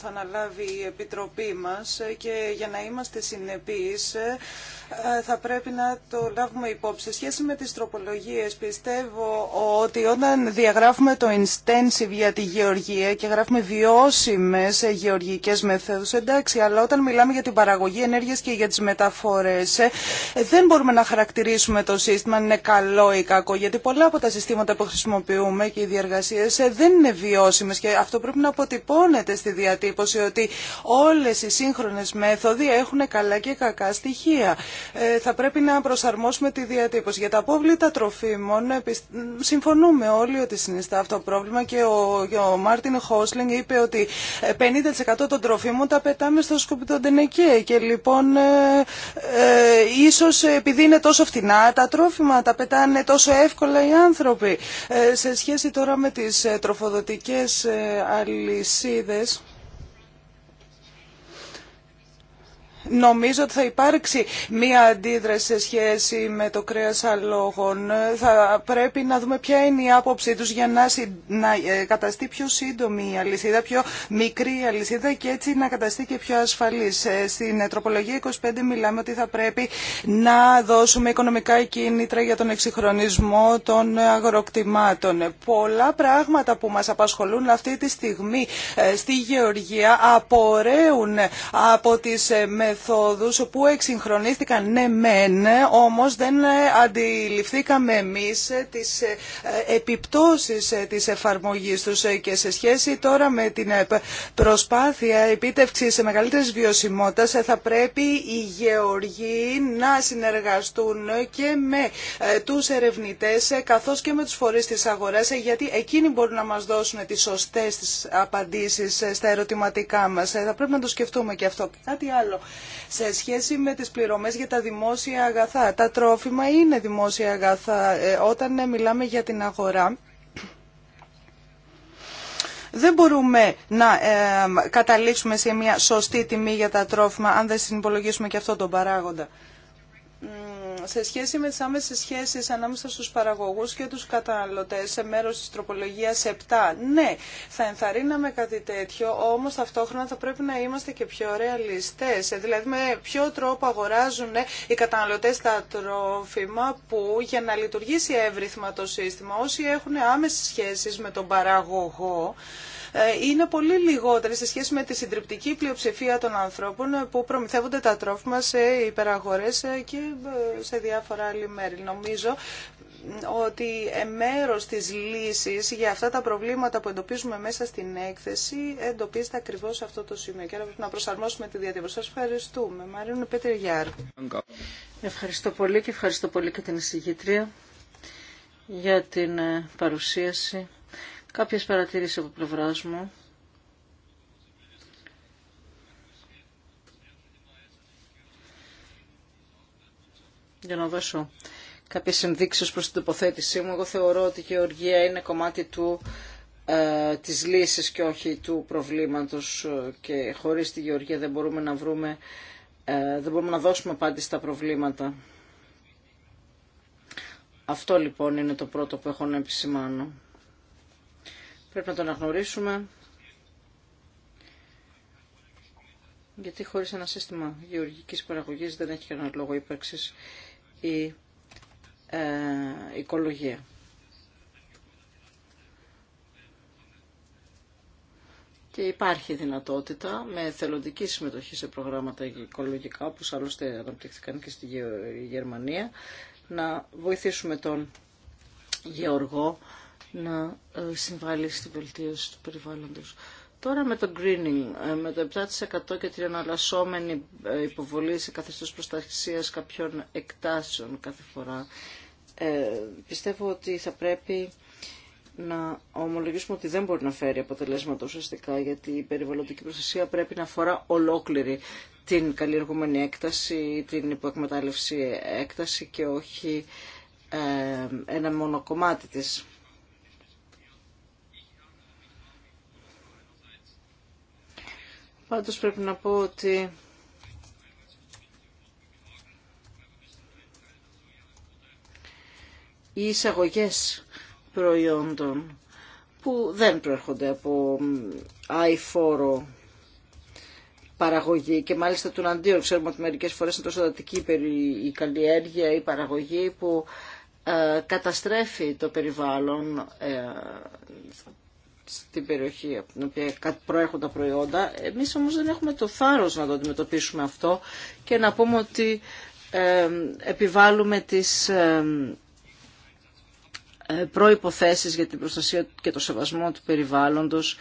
θα αναλάβει η Επιτροπή μας και για να είμαστε συνεπείς θα πρέπει να το λάβουμε υπόψη. σχέση με τις τροπολογίες πιστεύω ότι όταν διαγράφουμε το intensive για τη γεωργία και γράφουμε βιώσιμες γεωργικές μεθόδους, εντάξει, αλλά όταν μιλάμε για την παραγωγή ενέργειας και για τις μεταφορές δεν μπορούμε να χαρακτηρίσουμε αξιολογήσουμε το σύστημα είναι καλό ή κακό, γιατί πολλά από τα συστήματα που χρησιμοποιούμε και οι διεργασίε ε, δεν είναι βιώσιμε. και αυτό πρέπει να αποτυπώνεται στη διατύπωση ότι όλε οι σύγχρονε μέθοδοι έχουν καλά και κακά στοιχεία. Ε, θα πρέπει να προσαρμόσουμε τη διατύπωση. Για τα απόβλητα τροφίμων ε, συμφωνούμε όλοι ότι συνιστά αυτό το πρόβλημα και ο, ο Μάρτιν Χόσλινγκ είπε ότι 50% ε, των τροφίμων τα πετάμε στο σκουπιδοντενεκέ και λοιπόν ε, ε, ίσως επειδή είναι τόσο φτηνή, να τα τρόφιμα, τα πετάνε τόσο εύκολα οι άνθρωποι. Ε, σε σχέση τώρα με τις ε, τροφοδοτικές ε, αλυσίδες, Νομίζω ότι θα υπάρξει μία αντίδραση σε σχέση με το κρέας αλόγων. Θα πρέπει να δούμε ποια είναι η άποψή τους για να, συ... να ε, καταστεί πιο σύντομη η αλυσίδα, πιο μικρή η αλυσίδα και έτσι να καταστεί και πιο ασφαλής. Ε, στην ε, τροπολογία 25 μιλάμε ότι θα πρέπει να δώσουμε οικονομικά κίνητρα για τον εξυγχρονισμό των αγροκτημάτων. Πολλά πράγματα που μας απασχολούν αυτή τη στιγμή στη Γεωργία απορρέουν από τις μεθόδους που εξυγχρονίστηκαν ναι μεν, όμως δεν αντιληφθήκαμε εμείς τις ε, επιπτώσεις ε, της εφαρμογής τους ε, και σε σχέση τώρα με την προσπάθεια επίτευξης μεγαλύτερης βιωσιμότητας θα πρέπει οι γεωργοί να συνεργαστούν και με τους ερευνητές καθώς και με τους φορείς της αγοράς γιατί εκείνοι μπορούν να μας δώσουν τις σωστές απαντήσεις στα ερωτηματικά μας. Θα πρέπει να το σκεφτούμε και αυτό. Κάτι άλλο σε σχέση με τις πληρωμές για τα δημόσια αγαθά. Τα τρόφιμα είναι δημόσια αγαθά. Ε, όταν ε, μιλάμε για την αγορά, δεν μπορούμε να ε, καταλήξουμε σε μια σωστή τιμή για τα τρόφιμα αν δεν συνυπολογίσουμε και αυτό τον παράγοντα σε σχέση με τις άμεσες σχέσεις ανάμεσα στους παραγωγούς και τους καταναλωτές σε μέρος της τροπολογίας 7, ναι, θα ενθαρρύναμε κάτι τέτοιο, όμως ταυτόχρονα θα πρέπει να είμαστε και πιο ρεαλιστές. Ε, δηλαδή με ποιο τρόπο αγοράζουν ε, οι καταναλωτές τα τρόφιμα που για να λειτουργήσει εύρυθμα το σύστημα, όσοι έχουν άμεσες σχέσεις με τον παραγωγό, ε, είναι πολύ λιγότερο σε σχέση με τη συντριπτική πλειοψηφία των ανθρώπων που προμηθεύονται τα τρόφιμα σε υπεραγορές ε, και ε, σε διάφορα άλλη μέρη. Νομίζω ότι μέρος της λύσης για αυτά τα προβλήματα που εντοπίζουμε μέσα στην έκθεση εντοπίζεται ακριβώς σε αυτό το σημείο και να προσαρμόσουμε τη διατύπωση. Σας ευχαριστούμε. Μαρίνο Πέτριγιαρ. Ευχαριστώ πολύ και ευχαριστώ πολύ και την εισηγήτρια για την παρουσίαση Κάποιες παρατηρήσεις από πλευράς μου. Για να δώσω κάποιες ενδείξεις προς την τοποθέτησή μου. Εγώ θεωρώ ότι η γεωργία είναι κομμάτι του ε, της λύσης και όχι του προβλήματος ε, και χωρίς τη γεωργία δεν μπορούμε να βρούμε ε, δεν μπορούμε να δώσουμε απάντηση στα προβλήματα. Αυτό λοιπόν είναι το πρώτο που έχω να επισημάνω. Πρέπει να τον αναγνωρίσουμε. Γιατί χωρίς ένα σύστημα γεωργικής παραγωγής δεν έχει κανένα λόγο ύπαρξης η ε, οικολογία. Και υπάρχει δυνατότητα με θελοντική συμμετοχή σε προγράμματα οικολογικά, όπως άλλωστε αναπτύχθηκαν και στη Γερμανία, να βοηθήσουμε τον γεωργό να ε, συμβάλλει στην βελτίωση του περιβάλλοντος. Τώρα με το greening, ε, με το 7% και την αναλασσόμενη ε, υποβολή σε καθεστώς προστασίας κάποιων εκτάσεων κάθε φορά, πιστεύω ότι θα πρέπει να ομολογήσουμε ότι δεν μπορεί να φέρει αποτελέσματα ουσιαστικά, γιατί η περιβαλλοντική προστασία πρέπει να αφορά ολόκληρη την καλλιεργούμενη έκταση, την υποεκμετάλλευση έκταση και όχι ένα μόνο κομμάτι της. Πάντως πρέπει να πω ότι οι εισαγωγές προϊόντων που δεν προέρχονται από αηφόρο παραγωγή και μάλιστα του αντίον ξέρουμε ότι μερικές φορές είναι τόσο δατική η καλλιέργεια ή παραγωγή που ε, καταστρέφει το περιβάλλον ε, στην περιοχή από την οποία προέρχονται τα προϊόντα. Εμείς όμως δεν έχουμε το θάρρος να το αντιμετωπίσουμε αυτό και να πούμε ότι επιβάλλουμε τις ε, προϋποθέσεις για την προστασία και το σεβασμό του περιβάλλοντος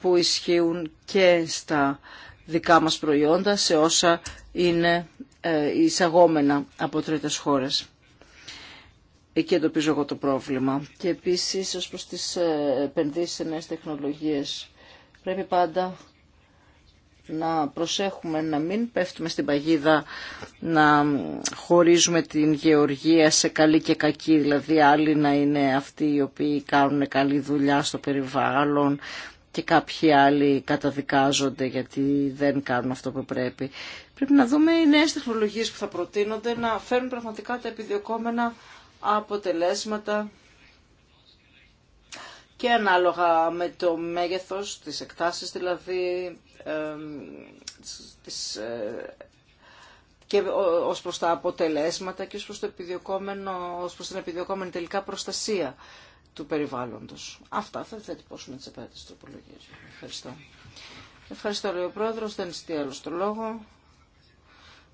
που ισχύουν και στα δικά μας προϊόντα σε όσα είναι ε, εισαγόμενα από τρίτες χώρες. Εκεί εντοπίζω εγώ το πρόβλημα. Και επίσης ως προς τις ε, επενδύσεις σε νέες τεχνολογίες πρέπει πάντα να προσέχουμε να μην πέφτουμε στην παγίδα να χωρίζουμε την γεωργία σε καλή και κακή, δηλαδή άλλοι να είναι αυτοί οι οποίοι κάνουν καλή δουλειά στο περιβάλλον και κάποιοι άλλοι καταδικάζονται γιατί δεν κάνουν αυτό που πρέπει. Πρέπει να δούμε οι νέες τεχνολογίες που θα προτείνονται να φέρουν πραγματικά τα επιδιωκόμενα αποτελέσματα και ανάλογα με το μέγεθος, της εκτάσεις δηλαδή, ε, και ως προς τα αποτελέσματα και ως προς, το επιδιωκόμενο, ως προς την επιδιωκόμενη τελικά προστασία του περιβάλλοντος. Αυτά θα θετυπώσουμε τις απαραίτητες τροπολογίες. Ευχαριστώ. Ευχαριστώ, λέει Δεν είστε άλλο το λόγο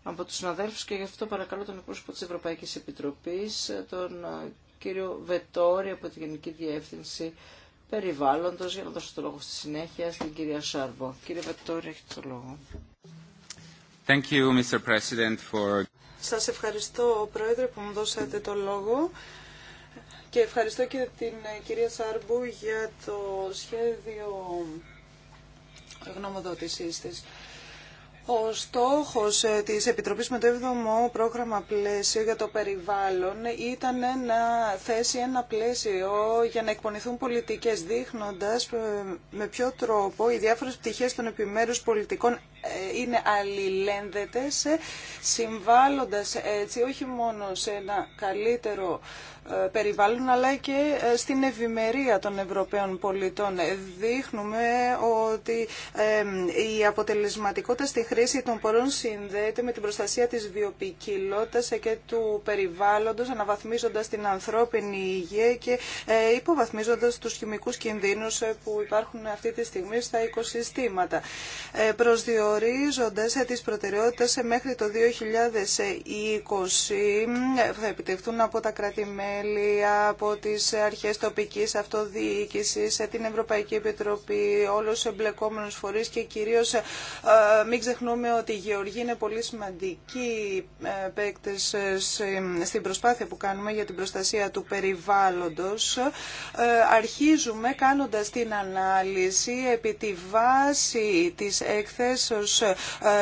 από τους συναδέλφους και γι' αυτό παρακαλώ τον εκπρόσωπο της Ευρωπαϊκής Επιτροπής, τον ε, κύριο Βετόρη από τη Γενική Διεύθυνση Περιβάλλοντος, για να δώσω το λόγο στη συνέχεια στην κυρία Σάρβο. Κύριε Βετόρη, έχετε το λόγο. Thank you, Mr. President, for... Σας ευχαριστώ, Πρόεδρε, που μου δώσατε το λόγο. Και ευχαριστώ και την ε, κυρία Σάρμπου για το σχέδιο γνωμοδότησής της. Ο στόχος ε, της Επιτροπής με το 7ο πρόγραμμα πλαίσιο για το περιβάλλον ήταν να θέσει ένα πλαίσιο για να εκπονηθούν πολιτικές δείχνοντας ε, με ποιο τρόπο οι διάφορες πτυχές των επιμέρους πολιτικών είναι αλληλένδετες, ε, συμβάλλοντας ε, έτσι όχι μόνο σε ένα καλύτερο ε, περιβάλλον αλλά και στην ευημερία των Ευρωπαίων πολιτών. Δείχνουμε ότι η αποτελεσματικότητα στη χρήση των πορών συνδέεται με την προστασία της βιοπικιλότητας και του περιβάλλοντος αναβαθμίζοντας την ανθρώπινη υγεία και υποβαθμίζοντας τους χημικούς κινδύνους που υπάρχουν αυτή τη στιγμή στα οικοσυστήματα σε τις προτεραιότητες μέχρι το 2020 θα επιτευχθούν από τα κράτη-μέλη, από τις αρχές τοπικής αυτοδιοίκησης, την Ευρωπαϊκή Επιτροπή, όλους τους εμπλεκόμενους φορείς και κυρίως ε, μην ξεχνούμε ότι η γεωργοί είναι πολύ σημαντικοί ε, παίκτες ε, στην προσπάθεια που κάνουμε για την προστασία του περιβάλλοντος. Αρχίζουμε κάνοντας την ανάλυση επί τη βάση της έκθεσης Τη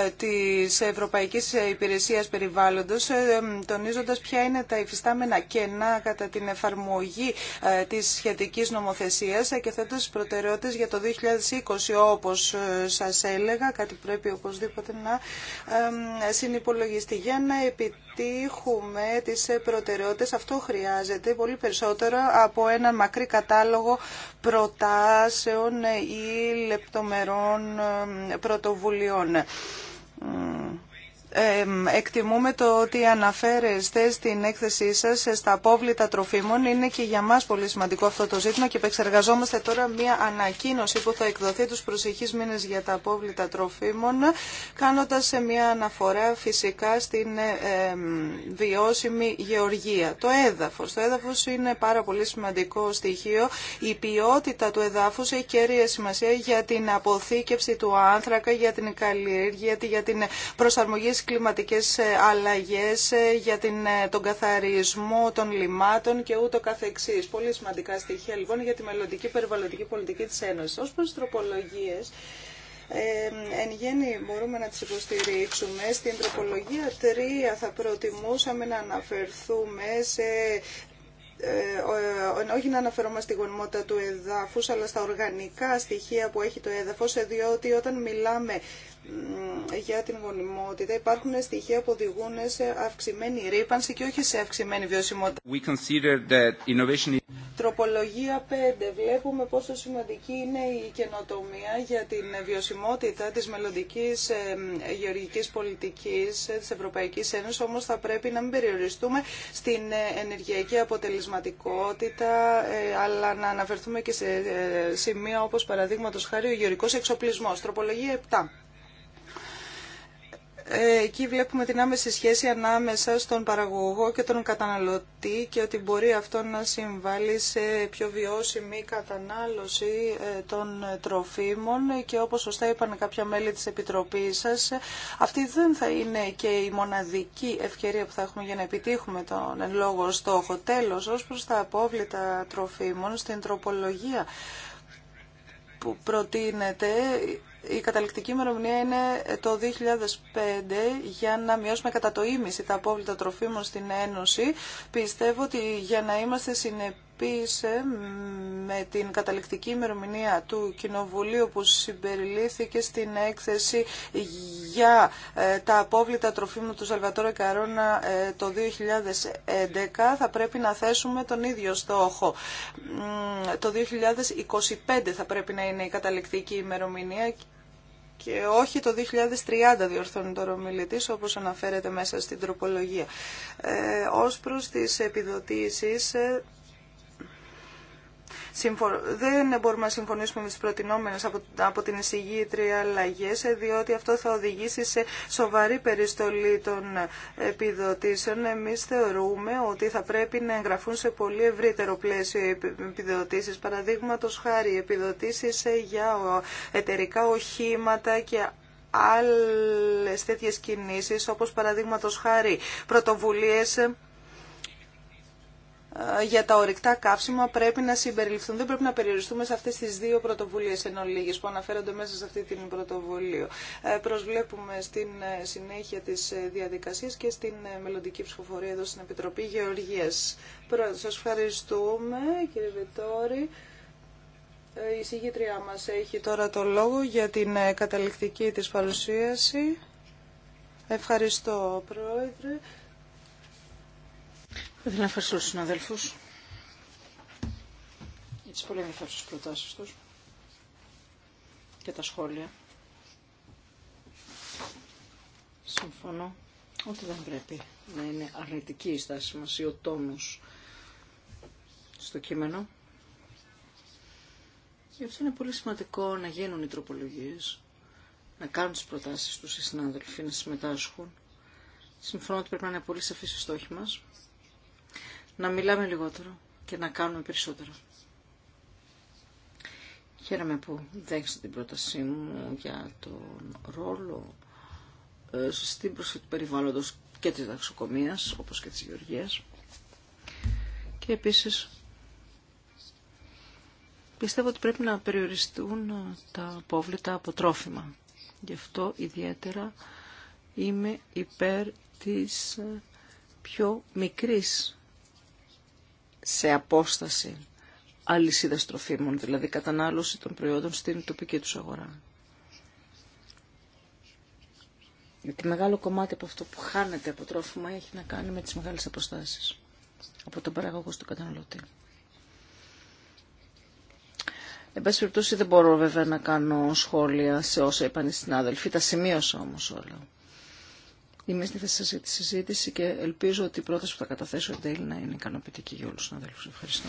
ε, της Ευρωπαϊκής Υπηρεσίας Περιβάλλοντος, ε, ε, τονίζοντας ποια είναι τα υφιστάμενα κενά κατά την εφαρμογή της σχετικής νομοθεσίας και τις προτεραιότητες για το 2020, όπως σας έλεγα, κάτι πρέπει οπωσδήποτε να συνυπολογιστεί. Για να επιτύχουμε τις προτεραιότητες, αυτό χρειάζεται πολύ περισσότερο από έναν μακρύ κατάλογο προτάσεων ή λεπτομερών πρωτοβουλίων πληροφοριών εκτιμούμε το ότι αναφέρεστε στην έκθεσή σας στα απόβλητα τροφίμων. Είναι και για μας πολύ σημαντικό αυτό το ζήτημα και επεξεργαζόμαστε τώρα μια ανακοίνωση που θα εκδοθεί τους προσεχείς μήνες για τα απόβλητα τροφίμων, κάνοντας μια αναφορά φυσικά στην ε, βιώσιμη γεωργία. Το έδαφος. Το έδαφος είναι πάρα πολύ σημαντικό στοιχείο. Η ποιότητα του εδάφους έχει κέρια σημασία για την αποθήκευση του άνθρακα, για την καλλιέργεια, για την προσαρμογή κλιματικές ε, αλλαγές, ε, για την, ε, τον καθαρισμό των λιμάτων και ούτω καθεξής. Πολύ σημαντικά στοιχεία λοιπόν για τη μελλοντική περιβαλλοντική πολιτική της Ένωσης. Ως προς τροπολογίες, ε, εν γέννη μπορούμε να τις υποστηρίξουμε. Στην τροπολογία 3 θα προτιμούσαμε να αναφερθούμε σε όχι να αναφερόμαστε στη γονιμότητα του εδάφους αλλά στα οργανικά στοιχεία που έχει το έδαφος διότι όταν μιλάμε για την γονιμότητα υπάρχουν στοιχεία που οδηγούν σε αυξημένη ρήπανση και όχι σε αυξημένη βιωσιμότητα. Τροπολογία 5. Βλέπουμε πόσο σημαντική είναι η καινοτομία για την βιωσιμότητα της μελλοντική ε, γεωργικής πολιτικής ε, της Ευρωπαϊκής Ένωσης, όμως θα πρέπει να μην περιοριστούμε στην ε, ενεργειακή αποτελεσματικότητα, αλλά να αναφερθούμε και σε σημεία όπως παραδείγματος χάρη ο γεωργικός εξοπλισμός. Τροπολογία 7 εκεί βλέπουμε την άμεση σχέση ανάμεσα στον παραγωγό και τον καταναλωτή και ότι μπορεί αυτό να συμβάλλει σε πιο βιώσιμη κατανάλωση ε, των τροφίμων και όπως σωστά είπαν κάποια μέλη της Επιτροπής σας, αυτή δεν θα είναι και η μοναδική ευκαιρία που θα έχουμε για να επιτύχουμε τον εν λόγω στόχο. Τέλος, ως προς τα απόβλητα τροφίμων στην τροπολογία που προτείνεται η καταληκτική ημερομηνία είναι το 2005 για να μειώσουμε κατά το ίμιση τα απόβλητα τροφίμων στην Ένωση. Πιστεύω ότι για να είμαστε συνεπείς με την καταληκτική ημερομηνία του Κοινοβουλίου που συμπεριλήθηκε στην έκθεση για ε, τα απόβλητα τροφίμου του Σαλβατόρα Καρόνα ε, το 2011. Θα πρέπει να θέσουμε τον ίδιο στόχο. Το 2025 θα πρέπει να είναι η καταληκτική ημερομηνία και όχι το 2030 διορθώνει το ο όπως αναφέρεται μέσα στην τροπολογία. Ε, ως προς τις επιδοτήσεις, ε, δεν μπορούμε να συμφωνήσουμε με τις προτινόμενες από, την εισηγήτρια αλλαγέ, ε, διότι αυτό θα οδηγήσει σε σοβαρή περιστολή των επιδοτήσεων. Εμείς θεωρούμε ότι θα πρέπει να εγγραφούν σε πολύ ευρύτερο πλαίσιο οι επιδοτήσεις. Παραδείγματος χάρη, επιδοτήσεις ε, για εταιρικά οχήματα και άλλες τέτοιες κινήσεις, όπως παραδείγματος χάρη πρωτοβουλίες ε, ε, για τα ορυκτά καύσιμα πρέπει να συμπεριληφθούν. Δεν πρέπει να περιοριστούμε σε αυτές τις δύο πρωτοβουλίες εν που αναφέρονται μέσα σε αυτή την πρωτοβουλία. Ε, προσβλέπουμε στην ε, συνέχεια της διαδικασίας και στην μελλοντική ψηφοφορία εδώ στην Επιτροπή Γεωργίας. Σας ευχαριστούμε κύριε Βετόρη. Η συγγήτριά μας έχει τώρα το λόγο για την καταληκτική της παρουσίαση. Ευχαριστώ, Πρόεδρε να ευχαριστώ του συναδέλφου για τι πολύ ενδιαφέρουσε προτάσει του και τα σχόλια. Συμφωνώ ότι δεν πρέπει να είναι αρνητική η στάση μας ή ο τόνος στο κείμενο. Γι' αυτό είναι πολύ σημαντικό να γίνουν οι τροπολογίες, να κάνουν τις προτάσεις τους οι συνάδελφοι, να συμμετάσχουν. Συμφωνώ ότι πρέπει να είναι πολύ σαφής η στόχη μας να μιλάμε λιγότερο και να κάνουμε περισσότερο. Χαίρομαι που δέχεσαι την πρότασή μου για τον ρόλο ε, στην προσφυγή του περιβάλλοντος και της δαξοκομείας, όπως και της γεωργίας. Και επίσης πιστεύω ότι πρέπει να περιοριστούν ε, τα απόβλητα από τρόφιμα. Γι' αυτό ιδιαίτερα είμαι υπέρ της ε, πιο μικρής σε απόσταση αλυσίδα τροφίμων, δηλαδή κατανάλωση των προϊόντων στην τοπική τους αγορά. Γιατί μεγάλο κομμάτι από αυτό που χάνεται από τρόφιμα έχει να κάνει με τις μεγάλες αποστάσεις από τον παραγωγό στον καταναλωτή. Εν πάση περιπτώσει δεν μπορώ βέβαια να κάνω σχόλια σε όσα είπαν οι συνάδελφοι, τα σημείωσα όμως όλα. Είμαι στη θέση τη συζήτηση και ελπίζω ότι η πρόταση που θα καταθέσω εν τέλει να είναι ικανοποιητική για όλου του συναδέλφου. Ευχαριστώ.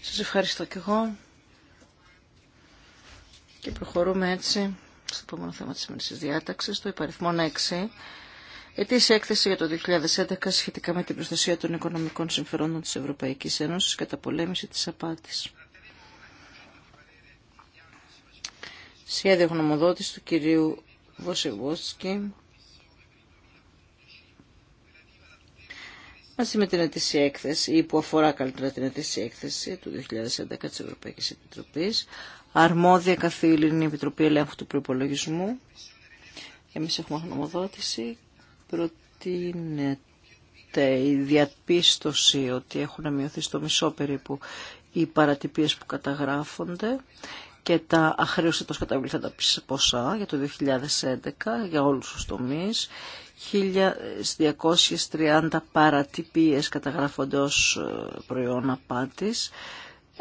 Σα ευχαριστώ και εγώ. Και προχωρούμε έτσι στο επόμενο θέμα τη σημερινή διάταξη, το υπαριθμό 6. Ετήσια έκθεση για το 2011 σχετικά με την προστασία των οικονομικών συμφερόντων της Ευρωπαϊκής Ένωσης κατά πολέμηση της απάτης. Σχέδιο γνωμοδότης του κυρίου Βοσεβόσκη μαζί με την ετήσια έκθεση ή που αφορά καλύτερα την ετήσια έκθεση του 2011 της Ευρωπαϊκής Επιτροπής, αρμόδια η Επιτροπή Ελέγχου του Προϋπολογισμού. Εμείς έχουμε γνωμοδότηση. Προτείνεται η διαπίστωση ότι έχουν μειωθεί στο μισό περίπου οι παρατυπίες που καταγράφονται και τα τόσο καταβληθέντα ποσά για το 2011 για όλους τους τομείς 1.230 παρατυπίες καταγράφονται ως ε, προϊόν απάτης. 35%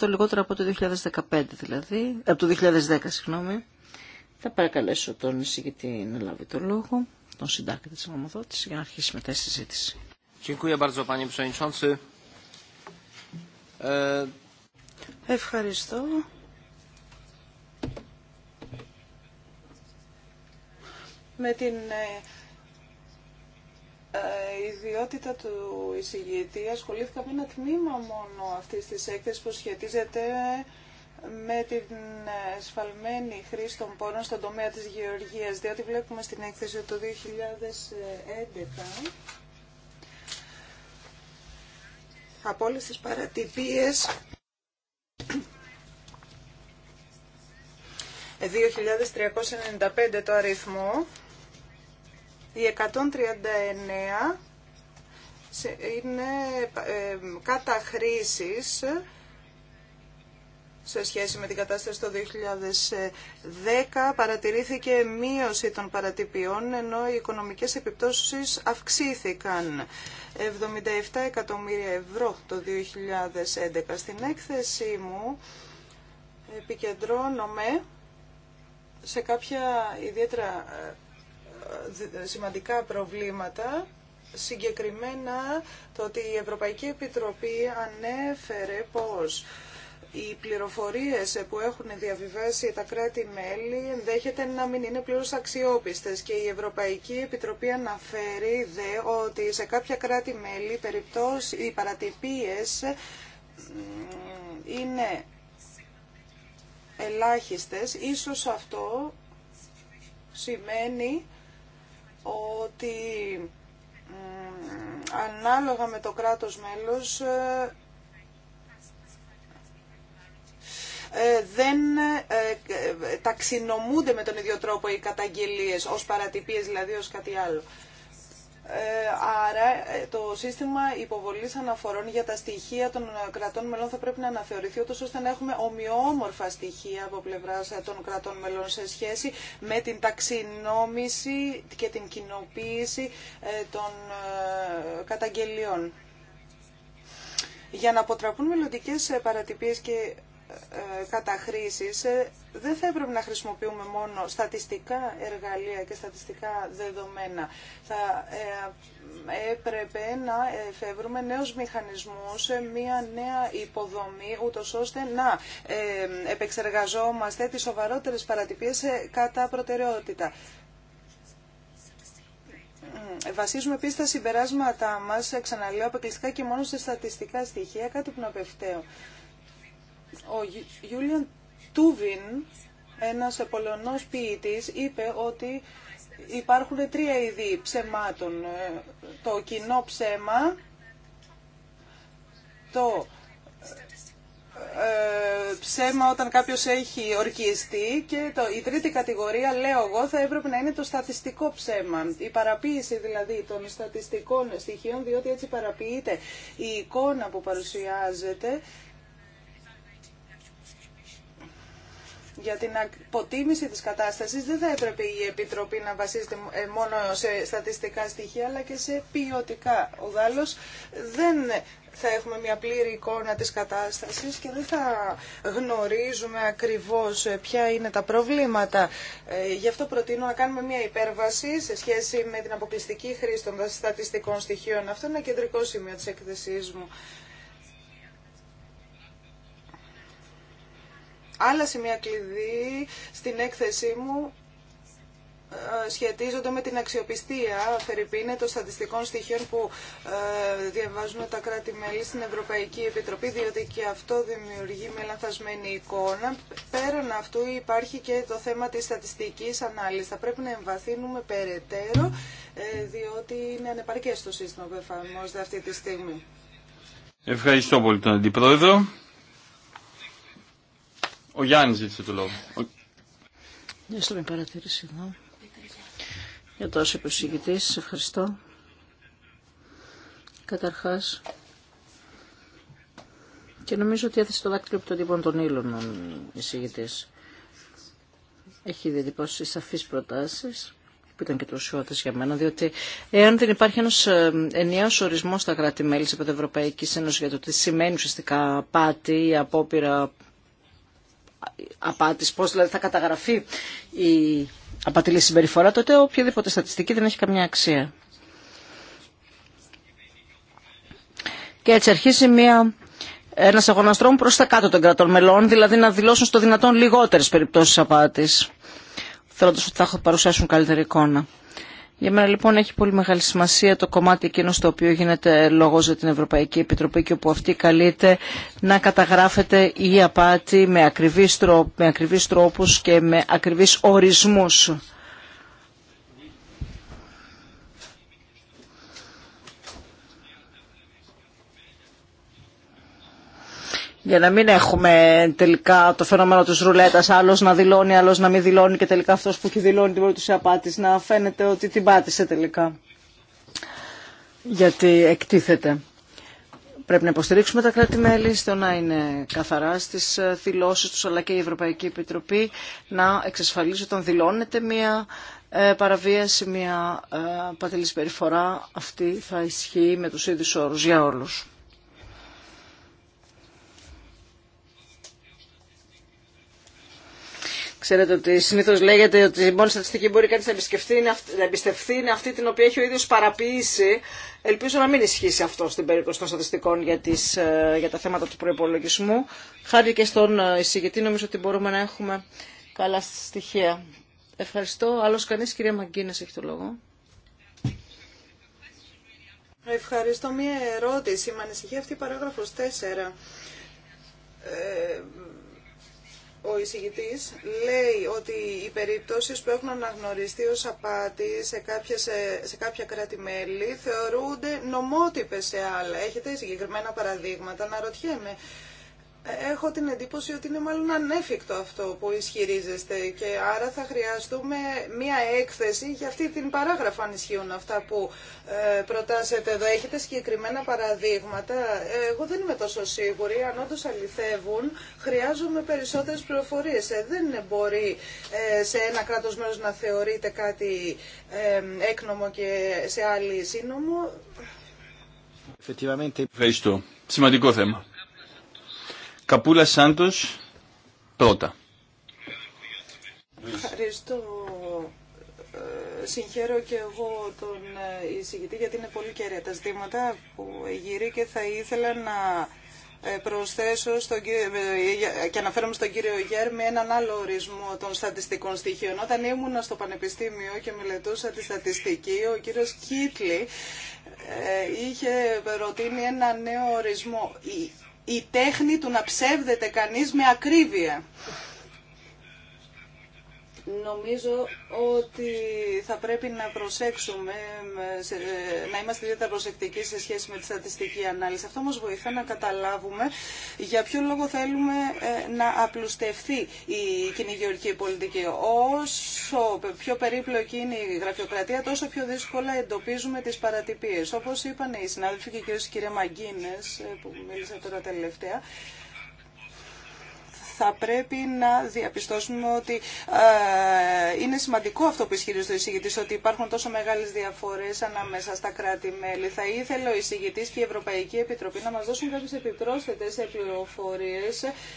ε, λιγότερο από το 2015 δηλαδή, ε, από το 2010 συγγνώμη. Θα παρακαλέσω τον εισηγητή να λάβει το λόγο, τον συντάκτη της νομοδότησης, για να αρχίσει μετά η συζήτηση. Ευχαριστώ. με την ε, ε, ιδιότητα του εισηγητή ασχολήθηκα με ένα τμήμα μόνο αυτή τη έκθεση που σχετίζεται με την σφαλμένη χρήση των πόρων στον τομέα της γεωργίας, διότι βλέπουμε στην έκθεση το 2011 από όλες τις παρατυπίες 2.395 το αριθμό η 139 είναι ε, καταχρήσεις σε σχέση με την κατάσταση το 2010 παρατηρήθηκε μείωση των παρατυπιών ενώ οι οικονομικές επιπτώσεις αυξήθηκαν 77 εκατομμύρια ευρώ το 2011. Στην έκθεσή μου επικεντρώνομαι σε κάποια ιδιαίτερα ε, σημαντικά προβλήματα. Συγκεκριμένα το ότι η Ευρωπαϊκή Επιτροπή ανέφερε πως οι πληροφορίες που έχουν διαβιβάσει τα κράτη-μέλη ενδέχεται να μην είναι πλήρως αξιόπιστες και η Ευρωπαϊκή Επιτροπή αναφέρει δε ότι σε κάποια κράτη-μέλη οι παρατυπίες είναι ελάχιστες. Ίσως αυτό σημαίνει ότι ανάλογα με το κράτος μέλος ε, ε, δεν ε, ταξινομούνται με τον ίδιο τρόπο οι καταγγελίες ως παρατυπίες δηλαδή ως κάτι άλλο. Ε, άρα ε, το σύστημα υποβολής αναφορών για τα στοιχεία των ε, κρατών μελών θα πρέπει να αναθεωρηθεί ούτως ώστε να έχουμε ομοιόμορφα στοιχεία από πλευράς των κρατών μελών σε σχέση με την ταξινόμηση και την κοινοποίηση των καταγγελιών. Για να αποτραπούν μελλοντικέ παρατυπίες και ε, καταχρήσεις ε, δεν θα έπρεπε να χρησιμοποιούμε μόνο στατιστικά εργαλεία και στατιστικά δεδομένα. Θα ε, έπρεπε να εφεύρουμε νέους μηχανισμούς, μια νέα υποδομή, ούτως ώστε να επεξεργαζόμαστε τις σοβαρότερες παρατυπίες κατά προτεραιότητα. Βασίζουμε επίση τα συμπεράσματά μα, ξαναλέω, αποκλειστικά και μόνο σε στατιστικά στοιχεία, κάτι που να ο Γιούλιαν Τούβιν, ένας Πολωνός ποιητής, είπε ότι υπάρχουν τρία είδη ψεμάτων. Ε, το κοινό ψέμα, το ε, ψέμα όταν κάποιος έχει ορκιστεί και το, η τρίτη κατηγορία, λέω εγώ, θα έπρεπε να είναι το στατιστικό ψέμα. Η παραποίηση δηλαδή των στατιστικών στοιχείων, διότι έτσι παραποιείται η εικόνα που παρουσιάζεται για την αποτίμηση της κατάστασης δεν θα έπρεπε η Επιτροπή να βασίζεται ε, μόνο σε στατιστικά στοιχεία αλλά και σε ποιοτικά. Ο Γάλλος δεν θα έχουμε μια πλήρη εικόνα της κατάστασης και δεν θα γνωρίζουμε ακριβώς ε, ποια είναι τα προβλήματα. Ε, γι' αυτό προτείνω να κάνουμε μια υπέρβαση σε σχέση με την αποκλειστική χρήση των στατιστικών στοιχείων. Αυτό είναι ένα κεντρικό σημείο της έκθεσής μου. Άλλα σημεία κλειδί στην έκθεσή μου ε, σχετίζονται με την αξιοπιστία, Φερρυπίνε, των στατιστικών στοιχείων που ε, διαβάζουν τα κράτη-μέλη στην Ευρωπαϊκή Επιτροπή, διότι και αυτό δημιουργεί με λανθασμένη εικόνα. Πέραν αυτού υπάρχει και το θέμα της στατιστικής ανάλυσης. Θα πρέπει να εμβαθύνουμε περαιτέρω, ε, διότι είναι ανεπαρκές το σύστημα που εφαρμόζεται αυτή τη στιγμή. Ευχαριστώ πολύ τον Αντιπρόεδρο. Ο Γιάννη ζήτησε το λόγο. Μια στιγμή παρατήρηση εδώ. Ναι. Για το όσο υποσηγητής, ευχαριστώ. Καταρχά. και νομίζω ότι έθεσε το δάκτυλο από τον τύπο των ήλων ο εισηγητή. Έχει διατυπώσει σαφεί προτάσει που ήταν και τροσιώτε για μένα, διότι εάν δεν υπάρχει ένα ε, ενιαίο ορισμό στα κράτη-μέλη τη Ευρωπαϊκή Ένωση για το τι σημαίνει ουσιαστικά πάτη ή απόπειρα απάτης, πώς δηλαδή θα καταγραφεί η απατηλή συμπεριφορά, τότε οποιαδήποτε στατιστική δεν έχει καμιά αξία. Και έτσι αρχίζει μια ένα αγώνα τρόμου προ τα κάτω των κρατών μελών, δηλαδή να δηλώσουν στο δυνατόν λιγότερε περιπτώσει απάτη. Θέλοντα ότι θα παρουσιάσουν καλύτερη εικόνα. Για μένα λοιπόν έχει πολύ μεγάλη σημασία το κομμάτι εκείνο στο οποίο γίνεται λόγος για την Ευρωπαϊκή Επιτροπή και όπου αυτή καλείται να καταγράφεται η απάτη με ακριβείς, τρόπο, με ακριβείς τρόπους και με ακριβείς ορισμούς. για να μην έχουμε τελικά το φαινόμενο της ρουλέτας, άλλος να δηλώνει, άλλος να μην δηλώνει και τελικά αυτός που έχει δηλώνει την πρώτη απάτη, να φαίνεται ότι την πάτησε τελικά. Γιατί εκτίθεται. Πρέπει να υποστηρίξουμε τα κράτη-μέλη στο να είναι καθαρά στις ε, δηλώσεις του, αλλά και η Ευρωπαϊκή Επιτροπή να εξασφαλίζει όταν δηλώνεται μια ε, παραβίαση, μια ε, πατελή περιφορά, Αυτή θα ισχύει με τους ίδιους όρους για όλους. Ξέρετε ότι συνήθω λέγεται ότι η μόνη στατιστική μπορεί κανεί να, να εμπιστευτεί είναι αυτή την οποία έχει ο ίδιο παραποιήσει. Ελπίζω να μην ισχύσει αυτό στην περίπτωση των στατιστικών για, τις, ε, για τα θέματα του προπολογισμού. Χάρη και στον ε, εισηγητή, νομίζω ότι μπορούμε να έχουμε καλά στοιχεία. Ευχαριστώ. Άλλο κανεί, κυρία Μαγκίνε, έχει το λόγο. Ευχαριστώ. Μία ερώτηση. Με ανησυχεί αυτή η παράγραφος 4. Ε, ο εισηγητής λέει ότι οι περιπτώσεις που έχουν αναγνωριστεί ως απάτη σε, κάποια, σε, σε κάποια κράτη-μέλη θεωρούνται νομότυπες σε άλλα. Έχετε συγκεκριμένα παραδείγματα. Να ρωτιέμαι Έχω την εντύπωση ότι είναι μάλλον ανέφικτο αυτό που ισχυρίζεστε και άρα θα χρειαστούμε μία έκθεση για αυτή την παράγραφο αν ισχύουν αυτά που ε, προτάσετε εδώ. Έχετε συγκεκριμένα παραδείγματα. Εγώ δεν είμαι τόσο σίγουρη. Αν όντως αληθεύουν, χρειάζομαι περισσότερες πληροφορίες. Ε, δεν μπορεί ε, σε ένα κράτος μέρος να θεωρείται κάτι έκνομο και σε άλλη σύνομο. Ευχαριστώ. Σημαντικό θέμα. Καπούλα Σάντος πρώτα. Ευχαριστώ. Ε, συγχαίρω και εγώ τον ε, εισηγητή γιατί είναι πολύ κέρια τα ζητήματα που γύρει και θα ήθελα να ε, προσθέσω στον κύριο, και αναφέρομαι στον κύριο Γέρμη έναν άλλο ορισμό των στατιστικών στοιχείων. Όταν ήμουν στο Πανεπιστήμιο και μελετούσα τη στατιστική, ο κύριος Κίτλη είχε προτείνει ένα νέο ορισμό η τέχνη του να ψεύδεται κανείς με ακρίβεια. Νομίζω ότι θα πρέπει να προσέξουμε, ε, ε, να είμαστε ιδιαίτερα προσεκτικοί σε σχέση με τη στατιστική ανάλυση. Αυτό μας βοηθά να καταλάβουμε για ποιο λόγο θέλουμε ε, να απλουστευτεί η κυνηγεωρική πολιτική. Όσο πιο περίπλοκη είναι η γραφειοκρατία, τόσο πιο δύσκολα εντοπίζουμε τις παρατυπίες. Όπως είπαν οι συνάδελφοι και κυρία Μαγκίνες που μίλησα τώρα τελευταία, θα πρέπει να διαπιστώσουμε ότι ε, είναι σημαντικό αυτό που ισχυρίζει ο εισηγητή, ότι υπάρχουν τόσο μεγάλε διαφορέ ανάμεσα στα κράτη-μέλη. Θα ήθελε ο εισηγητή και η Ευρωπαϊκή Επιτροπή να μα δώσουν κάποιε επιπρόσθετε πληροφορίε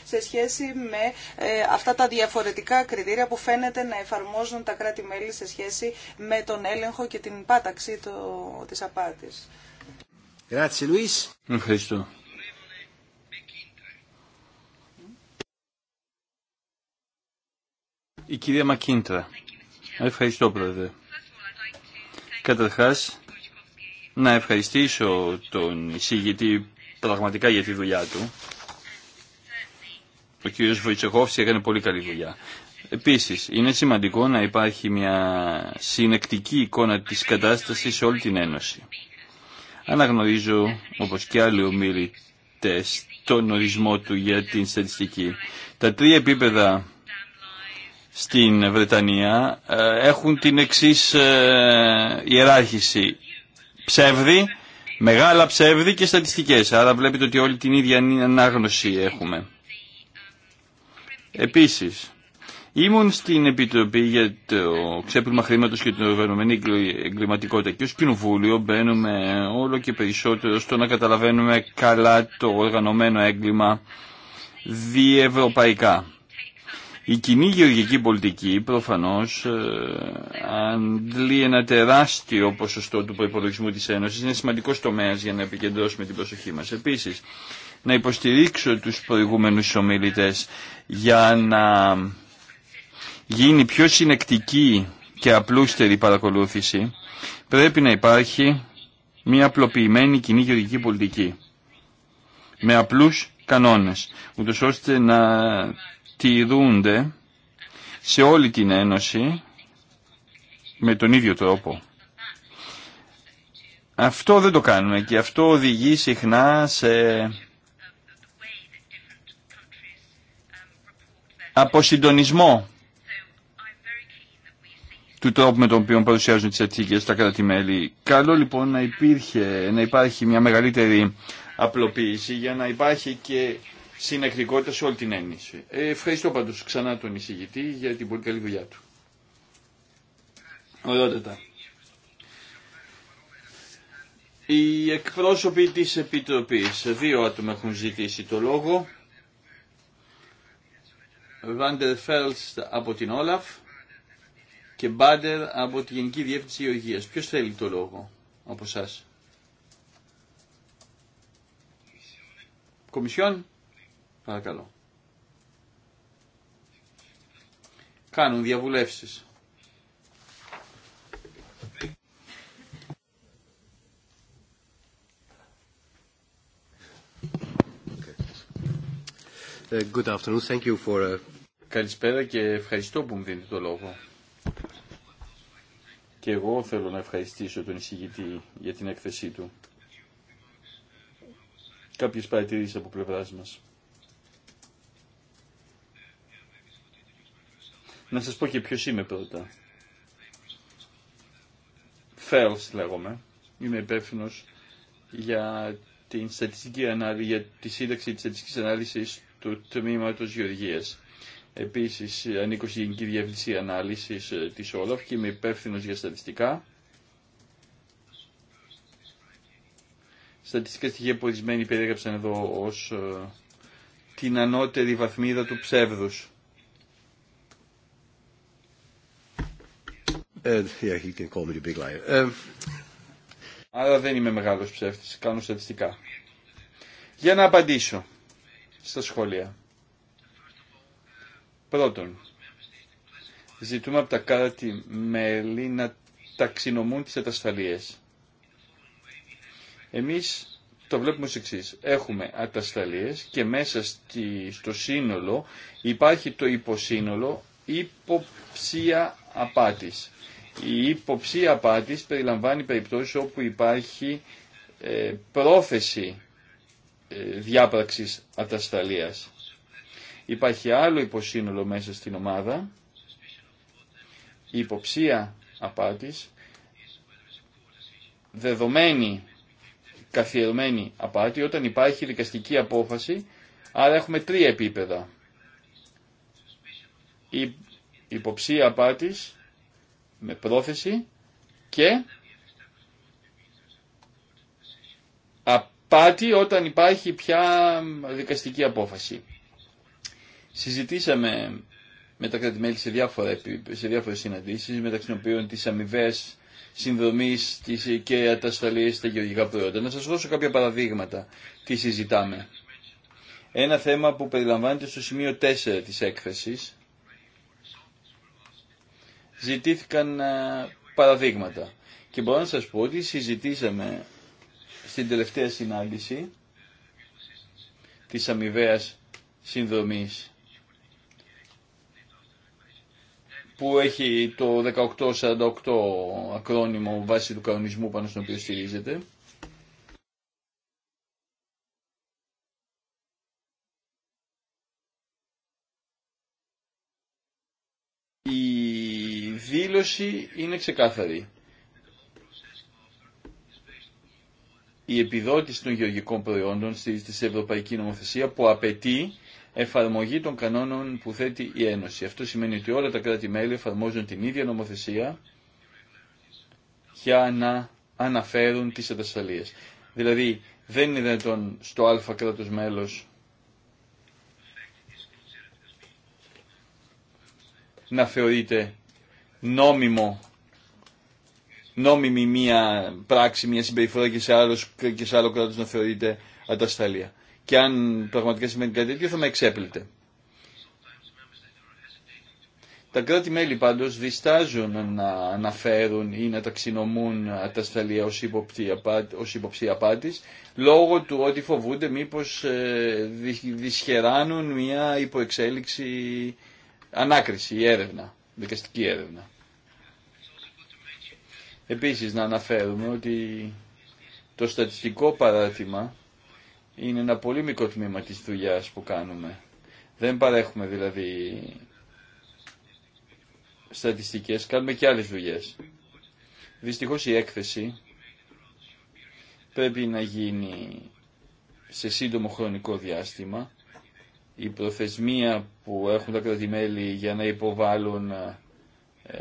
σε σχέση με ε, αυτά τα διαφορετικά κριτήρια που φαίνεται να εφαρμόζουν τα κράτη-μέλη σε σχέση με τον έλεγχο και την πάταξη τη απάτη. Ευχαριστώ. Η κυρία Μακίντρα. Ευχαριστώ πρόεδρε. Καταρχάς, να ευχαριστήσω τον εισηγητή πραγματικά για τη δουλειά του. Ο κύριος Βοητσεχόφης έκανε πολύ καλή δουλειά. Επίσης, είναι σημαντικό να υπάρχει μια συνεκτική εικόνα της κατάστασης σε όλη την Ένωση. Αναγνωρίζω, όπως και άλλοι ομίλητες, τον ορισμό του για την στατιστική. Τα τρία επίπεδα στην Βρετανία ε, έχουν την εξής ε, ιεράρχηση. Ψεύδι, μεγάλα ψεύδι και στατιστικές. Άρα βλέπετε ότι όλη την ίδια ανάγνωση έχουμε. Επίσης, ήμουν στην Επιτροπή για το ξέπλυμα χρήματο και την οργανωμένη εγκληματικότητα και ως κοινοβούλιο μπαίνουμε όλο και περισσότερο στο να καταλαβαίνουμε καλά το οργανωμένο έγκλημα διευρωπαϊκά. Η κοινή γεωργική πολιτική προφανώς ε, αντλεί ένα τεράστιο ποσοστό του προϋπολογισμού της Ένωσης. Είναι σημαντικός τομέας για να επικεντρώσουμε την προσοχή μας. Επίσης, να υποστηρίξω τους προηγούμενους ομιλητές για να γίνει πιο συνεκτική και απλούστερη παρακολούθηση, πρέπει να υπάρχει μια απλοποιημένη κοινή γεωργική πολιτική με απλούς κανόνες, ούτως ώστε να τηρούνται σε όλη την Ένωση με τον ίδιο τρόπο. Αυτό δεν το κάνουμε και αυτό οδηγεί συχνά σε αποσυντονισμό του τρόπου με τον οποίο παρουσιάζουν τις αιτήκες τα κράτη-μέλη. Καλό λοιπόν να, υπήρχε, να υπάρχει μια μεγαλύτερη απλοποίηση για να υπάρχει και συνεκτικότητα σε όλη την έννοιση. Ε, ευχαριστώ πάντως ξανά τον εισηγητή για την πολύ καλή δουλειά του. Ωραιότατα. Οι εκπρόσωποι της Επιτροπής, δύο άτομα έχουν ζητήσει το λόγο. Βάντερ Φέλστ από την Όλαφ και Μπάντερ από τη Γενική Διεύθυνση Υγείας. Ποιος θέλει το λόγο από εσά. Κομισιόν. Παρακαλώ. Κάνουν διαβουλεύσεις. Ε, good afternoon. Thank you for... Ε, Καλησπέρα και ευχαριστώ που μου δίνετε το λόγο. Και εγώ θέλω να ευχαριστήσω τον εισηγητή για την έκθεσή του. Κάποιες παρατηρήσεις από πλευράς μας. Να σας πω και ποιος είμαι πρώτα. Φέλς λέγομαι. Είμαι υπεύθυνο για την στατιστική ανάλυση, τη σύνταξη της στατιστικής ανάλυσης του τμήματος Γεωργίας. Επίσης ανήκω στη Γενική Διεύθυνση Ανάλυσης ε, της ΟΛΟΦ και είμαι υπεύθυνο για στατιστικά. Στατιστικά στοιχεία που ορισμένοι περιέγραψαν εδώ ως ε, την ανώτερη βαθμίδα του ψεύδους. Άρα δεν είμαι μεγάλος ψεύτης, κάνω στατιστικά. Για να απαντήσω στα σχόλια. Πρώτον, ζητούμε από τα κάτι μέλη να ταξινομούν τις ατασταλίες. Εμείς το βλέπουμε ως εξής. Έχουμε ατασταλίες και μέσα στο σύνολο υπάρχει το υποσύνολο υποψία απάτης. Η υποψία απάτης περιλαμβάνει περιπτώσεις όπου υπάρχει ε, πρόθεση ε, διάπραξης ατασταλίας. Υπάρχει άλλο υποσύνολο μέσα στην ομάδα. Η υποψία απάτης, δεδομένη, καθιερωμένη απάτη, όταν υπάρχει δικαστική απόφαση, άρα έχουμε τρία επίπεδα. Η υποψία απάτης, με πρόθεση και απάτη όταν υπάρχει πια δικαστική απόφαση. Συζητήσαμε με τα κρατημέλη σε, διάφορα, σε διάφορες συναντήσεις, μεταξύ των οποίων τις αμοιβέ συνδρομής της και ατασταλής στα γεωργικά προϊόντα. Να σας δώσω κάποια παραδείγματα τι συζητάμε. Ένα θέμα που περιλαμβάνεται στο σημείο 4 της έκθεσης ζητήθηκαν ε, παραδείγματα. Και μπορώ να σας πω ότι συζητήσαμε στην τελευταία συνάντηση της αμοιβαία συνδρομής που έχει το 1848 ακρόνιμο βάση του κανονισμού πάνω στον οποίο στηρίζεται είναι ξεκάθαρη. Η επιδότηση των γεωργικών προϊόντων στηρίζεται σε ευρωπαϊκή νομοθεσία που απαιτεί εφαρμογή των κανόνων που θέτει η Ένωση. Αυτό σημαίνει ότι όλα τα κράτη-μέλη εφαρμόζουν την ίδια νομοθεσία για να αναφέρουν τις ατασταλίες. Δηλαδή δεν είναι δυνατόν στο α κράτος μέλος να θεωρείται νόμιμο νόμιμη μία πράξη, μία συμπεριφορά και σε, και σε άλλο κράτος να θεωρείται ατασταλία. Και αν πραγματικά σημαίνει κάτι τέτοιο θα με εξέπλητε. Τα κράτη-μέλη πάντως διστάζουν να αναφέρουν ή να ταξινομούν ατασταλία ως, ως υποψία απάτης λόγω του ότι φοβούνται μήπως ε, δυσχεράνουν μια υποεξέλιξη ανάκριση ή έρευνα δικαστική έρευνα. Επίσης να αναφέρουμε ότι το στατιστικό παράτημα είναι ένα πολύ μικρό τμήμα της δουλειά που κάνουμε. Δεν παρέχουμε δηλαδή στατιστικές, κάνουμε και άλλες δουλειές. Δυστυχώς η έκθεση πρέπει να γίνει σε σύντομο χρονικό διάστημα η προθεσμία που έχουν τα κρατημέλη για να υποβάλουν ε,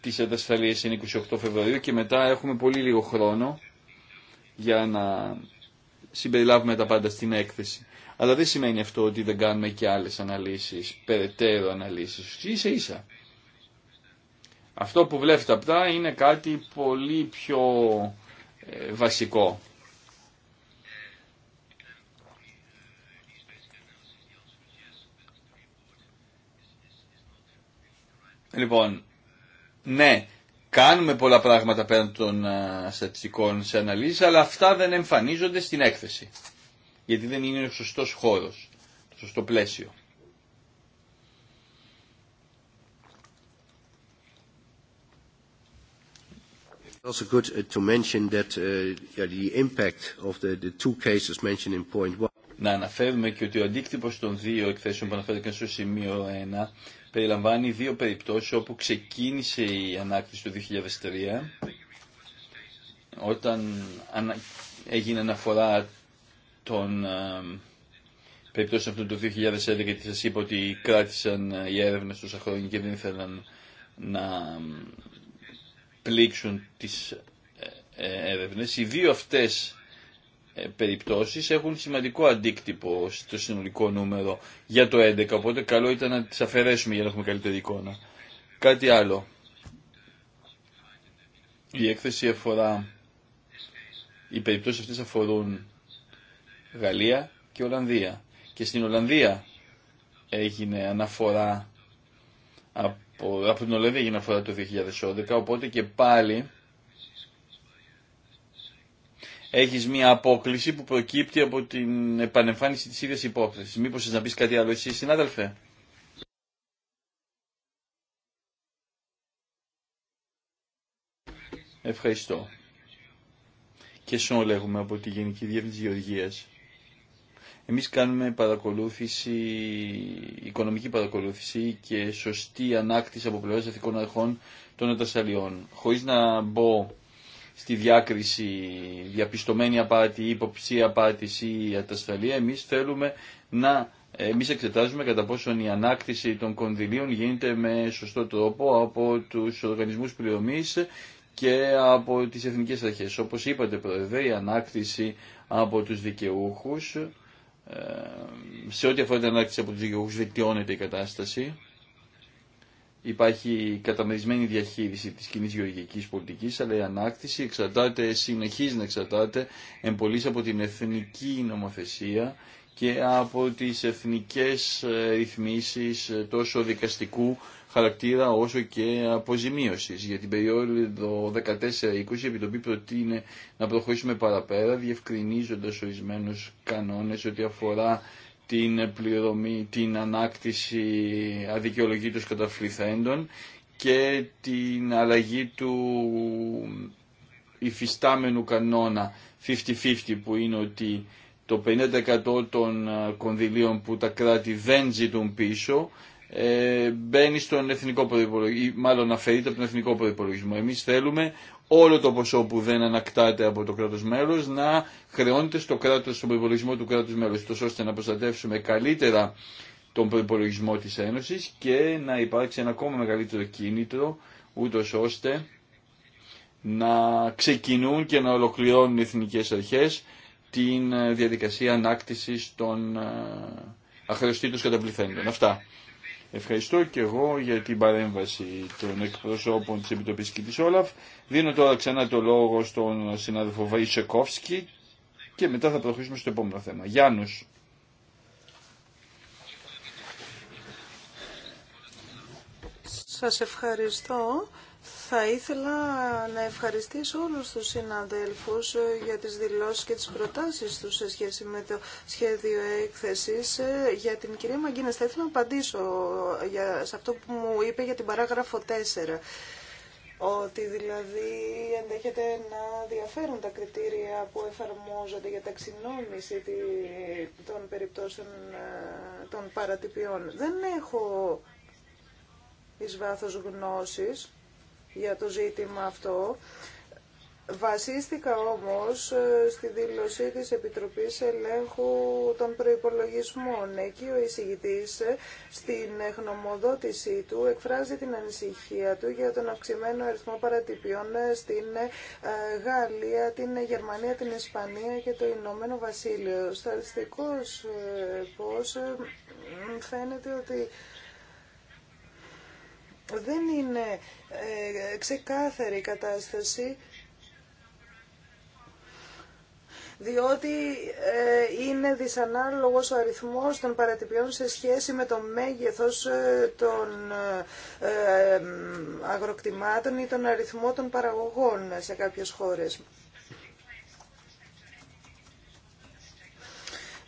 τις ατασφαλίες είναι 28 Φεβρουαρίου και μετά έχουμε πολύ λίγο χρόνο για να συμπεριλάβουμε τα πάντα στην έκθεση. Αλλά δεν σημαίνει αυτό ότι δεν κάνουμε και άλλες αναλύσεις, περαιτέρω αναλύσεις, ίσα ίσα. Αυτό που βλέπετε απλά είναι κάτι πολύ πιο ε, βασικό. Λοιπόν, ναι, κάνουμε πολλά πράγματα πέραν των ε, στατιστικών σε αναλύσει, αλλά αυτά δεν εμφανίζονται στην έκθεση. Γιατί δεν είναι ο σωστός χώρος, το σωστό πλαίσιο. also good uh, to mention that uh, the impact of the two cases mentioned in point one. να αναφέρουμε και ότι ο αντίκτυπος των δύο εκθέσεων που αναφέρθηκαν στο σημείο 1 περιλαμβάνει δύο περιπτώσεις όπου ξεκίνησε η ανάκτηση του 2003 όταν έγινε αναφορά των ε, περιπτώσεων αυτών το 2011 γιατί σας είπα ότι κράτησαν ε, οι έρευνες τόσα χρόνια και δεν ήθελαν να πλήξουν τις ε, έρευνες. Οι δύο αυτές ε, περιπτώσεις έχουν σημαντικό αντίκτυπο στο συνολικό νούμερο για το 11, οπότε καλό ήταν να τις αφαιρέσουμε για να έχουμε καλύτερη εικόνα. Κάτι άλλο. Η έκθεση αφορά, οι περιπτώσεις αυτές αφορούν Γαλλία και Ολλανδία. Και στην Ολλανδία έγινε αναφορά από, από την Ολλανδία έγινε αναφορά το 2011, οπότε και πάλι έχεις μία απόκληση που προκύπτει από την επανεμφάνιση της ίδιας υπόθεση. Μήπως θες να πεις κάτι άλλο εσύ συνάδελφε. Ευχαριστώ. Και όλα λέγουμε από τη Γενική Διεύθυνση Γεωργίας. Εμείς κάνουμε παρακολούθηση, οικονομική παρακολούθηση και σωστή ανάκτηση από πλευράς εθνικών αρχών των ατασταλιών. Χωρίς να μπω στη διάκριση διαπιστωμένη απάτη, υποψία απάτης ή ατασταλία, εμείς θέλουμε να ε, εμείς απάτηση, η ανάκτηση των κονδυλίων γίνεται με σωστό τρόπο από τους οργανισμούς πληρωμής και από τις εθνικές αρχές. Όπως είπατε Πρόεδρε, η ανάκτηση από τους δικαιούχους, ε, σε ό,τι αφορά την ανάκτηση από τους δικαιούχους βελτιώνεται η κατάσταση υπάρχει καταμερισμένη διαχείριση της κοινή γεωργικής πολιτικής, αλλά η ανάκτηση εξαρτάται, συνεχίζει να εξαρτάται εμπολής από την εθνική νομοθεσία και από τις εθνικές ε, ρυθμίσεις ε, τόσο δικαστικού χαρακτήρα όσο και αποζημίωσης. Για την περίοδο 14-20 η Επιτροπή προτείνει να προχωρήσουμε παραπέρα διευκρινίζοντας ορισμένους κανόνες ότι αφορά την πληρωμή, την ανάκτηση αδικαιολογήτως καταφληθέντων και την αλλαγή του υφιστάμενου κανόνα 50-50 που είναι ότι το 50% των κονδυλίων που τα κράτη δεν ζητούν πίσω ε, μπαίνει στον εθνικό ή μάλλον αφαιρείται από τον εθνικό προϋπολογισμό. Εμείς θέλουμε όλο το ποσό που δεν ανακτάται από το κράτος μέλος να χρεώνεται στο κράτος, στον προϋπολογισμό του κράτους μέλος, τόσο ώστε να προστατεύσουμε καλύτερα τον προϋπολογισμό της Ένωσης και να υπάρξει ένα ακόμα μεγαλύτερο κίνητρο, ούτω ώστε να ξεκινούν και να ολοκληρώνουν οι εθνικές αρχές την διαδικασία ανάκτησης των ε, αχρεωστήτων καταπληθέντων. Αυτά. Ευχαριστώ και εγώ για την παρέμβαση των εκπροσώπων της Επιτροπής και της Όλαφ. Δίνω τώρα ξανά το λόγο στον συνάδελφο Βαϊσεκόφσκι και μετά θα προχωρήσουμε στο επόμενο θέμα. Γιάννους. Σας ευχαριστώ. Θα ήθελα να ευχαριστήσω όλους τους συναδέλφους ε, για τις δηλώσεις και τις προτάσεις τους σε σχέση με το σχέδιο έκθεσης. Ε, για την κυρία Μαγκίνες θα ήθελα να απαντήσω ε, για, σε αυτό που μου είπε για την παράγραφο 4 ότι δηλαδή ενδέχεται να διαφέρουν τα κριτήρια που εφαρμόζονται για ταξινόμηση των περιπτώσεων των παρατυπιών. Δεν έχω εις βάθος γνώσης για το ζήτημα αυτό. Βασίστηκα όμως ε, στη δήλωσή της Επιτροπής Ελέγχου των Προϋπολογισμών. Εκεί ο εισηγητής ε, στην εχνομοδότηση του εκφράζει την ανησυχία του για τον αυξημένο αριθμό παρατυπιών ε, στην Γαλλία, την Γερμανία, την Ισπανία και το Ηνωμένο Βασίλειο. Σταριστικός πώς φαίνεται ότι δεν είναι ε, ξεκάθαρη η κατάσταση διότι ε, είναι δυσανάλογος ο αριθμός των παρατυπιών σε σχέση με το μέγεθος ε, των αγροκτημάτων ή τον αριθμό των παραγωγών σε κάποιες χώρες.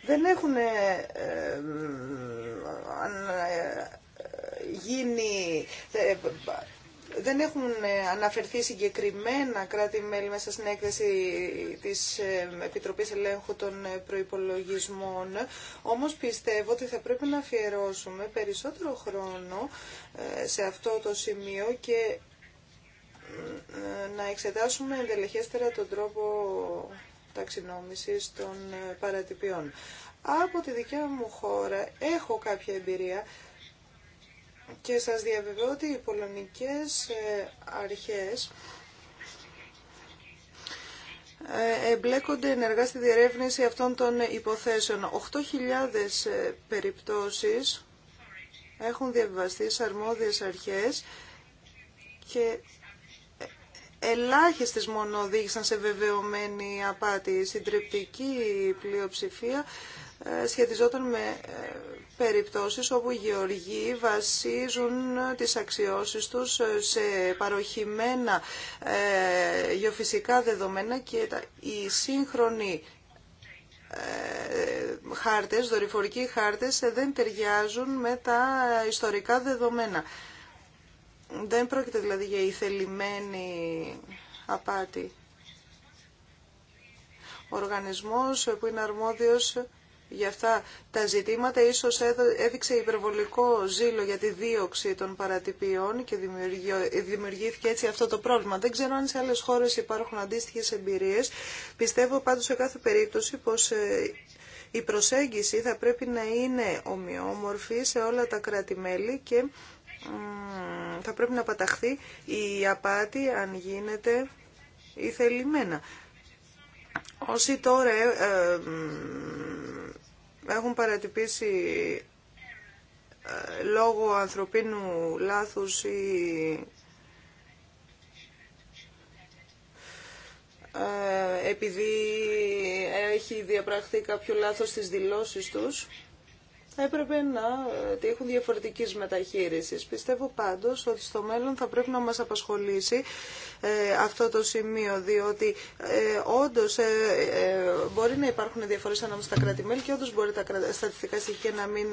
Δεν έχουν δεν έχουν ε, αναφερθεί συγκεκριμένα κράτη-μέλη μέσα στην έκθεση της ε, Επιτροπής Ελέγχου των ε, Προϋπολογισμών. Όμως πιστεύω ότι θα πρέπει να αφιερώσουμε περισσότερο χρόνο σε αυτό το σημείο και να εξετάσουμε εντελεχέστερα τον τρόπο ταξινόμησης των παρατυπιών. Από τη δικιά μου χώρα έχω κάποια εμπειρία και σας διαβεβαιώ ότι οι πολωνικές ε, αρχές ε, εμπλέκονται ενεργά στη διερεύνηση αυτών των υποθέσεων. 8.000 ε, περιπτώσεις έχουν διαβιβαστεί σε αρμόδιες αρχές και ελάχιστες μόνο οδήγησαν σε βεβαιωμένη απάτη. συντριπτική πλειοψηφία ε, σχετιζόταν με ε, περιπτώσεις όπου οι γεωργοί βασίζουν τις αξιώσεις τους ε, σε παροχημένα γεωφυσικά δεδομένα και οι σύγχρονοι χάρτες, δορυφορικοί χάρτες δεν ταιριάζουν με τα ιστορικά δεδομένα. Δεν πρόκειται δηλαδή για θελημένη απάτη. Ο οργανισμός που είναι αρμόδιος για αυτά τα ζητήματα ίσως έδειξε υπερβολικό ζήλο για τη δίωξη των παρατυπιών και δημιουργήθηκε έτσι αυτό το πρόβλημα. Δεν ξέρω αν σε άλλες χώρες υπάρχουν αντίστοιχες εμπειρίες. Πιστεύω πάντως σε κάθε περίπτωση πως ε, η προσέγγιση θα πρέπει να είναι ομοιόμορφη σε όλα τα κράτη-μέλη και θα πρέπει να παταχθεί η απάτη αν γίνεται ηθελημένα. Όσοι τώρα ε, ε έχουν παρατυπήσει ε, λόγω ανθρωπίνου λάθους ή ε, επειδή έχει διαπραχθεί κάποιο λάθος στις δηλώσεις τους θα έπρεπε να έχουν διαφορετική μεταχείρισης. Πιστεύω πάντως ότι στο μέλλον θα πρέπει να μας απασχολήσει ε, αυτό το σημείο, διότι ε, όντως ε, μπορεί να υπάρχουν διαφορές ανάμεσα στα κράτη-μέλη και όντω μπορεί τα στατιστικά στοιχεία να μην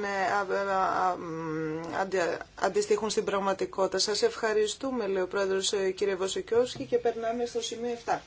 αντιστοιχούν στην πραγματικότητα. Σας ευχαριστούμε, λέει ο Πρόεδρος κύριε Βοσικιώσκη και περνάμε στο σημείο 7.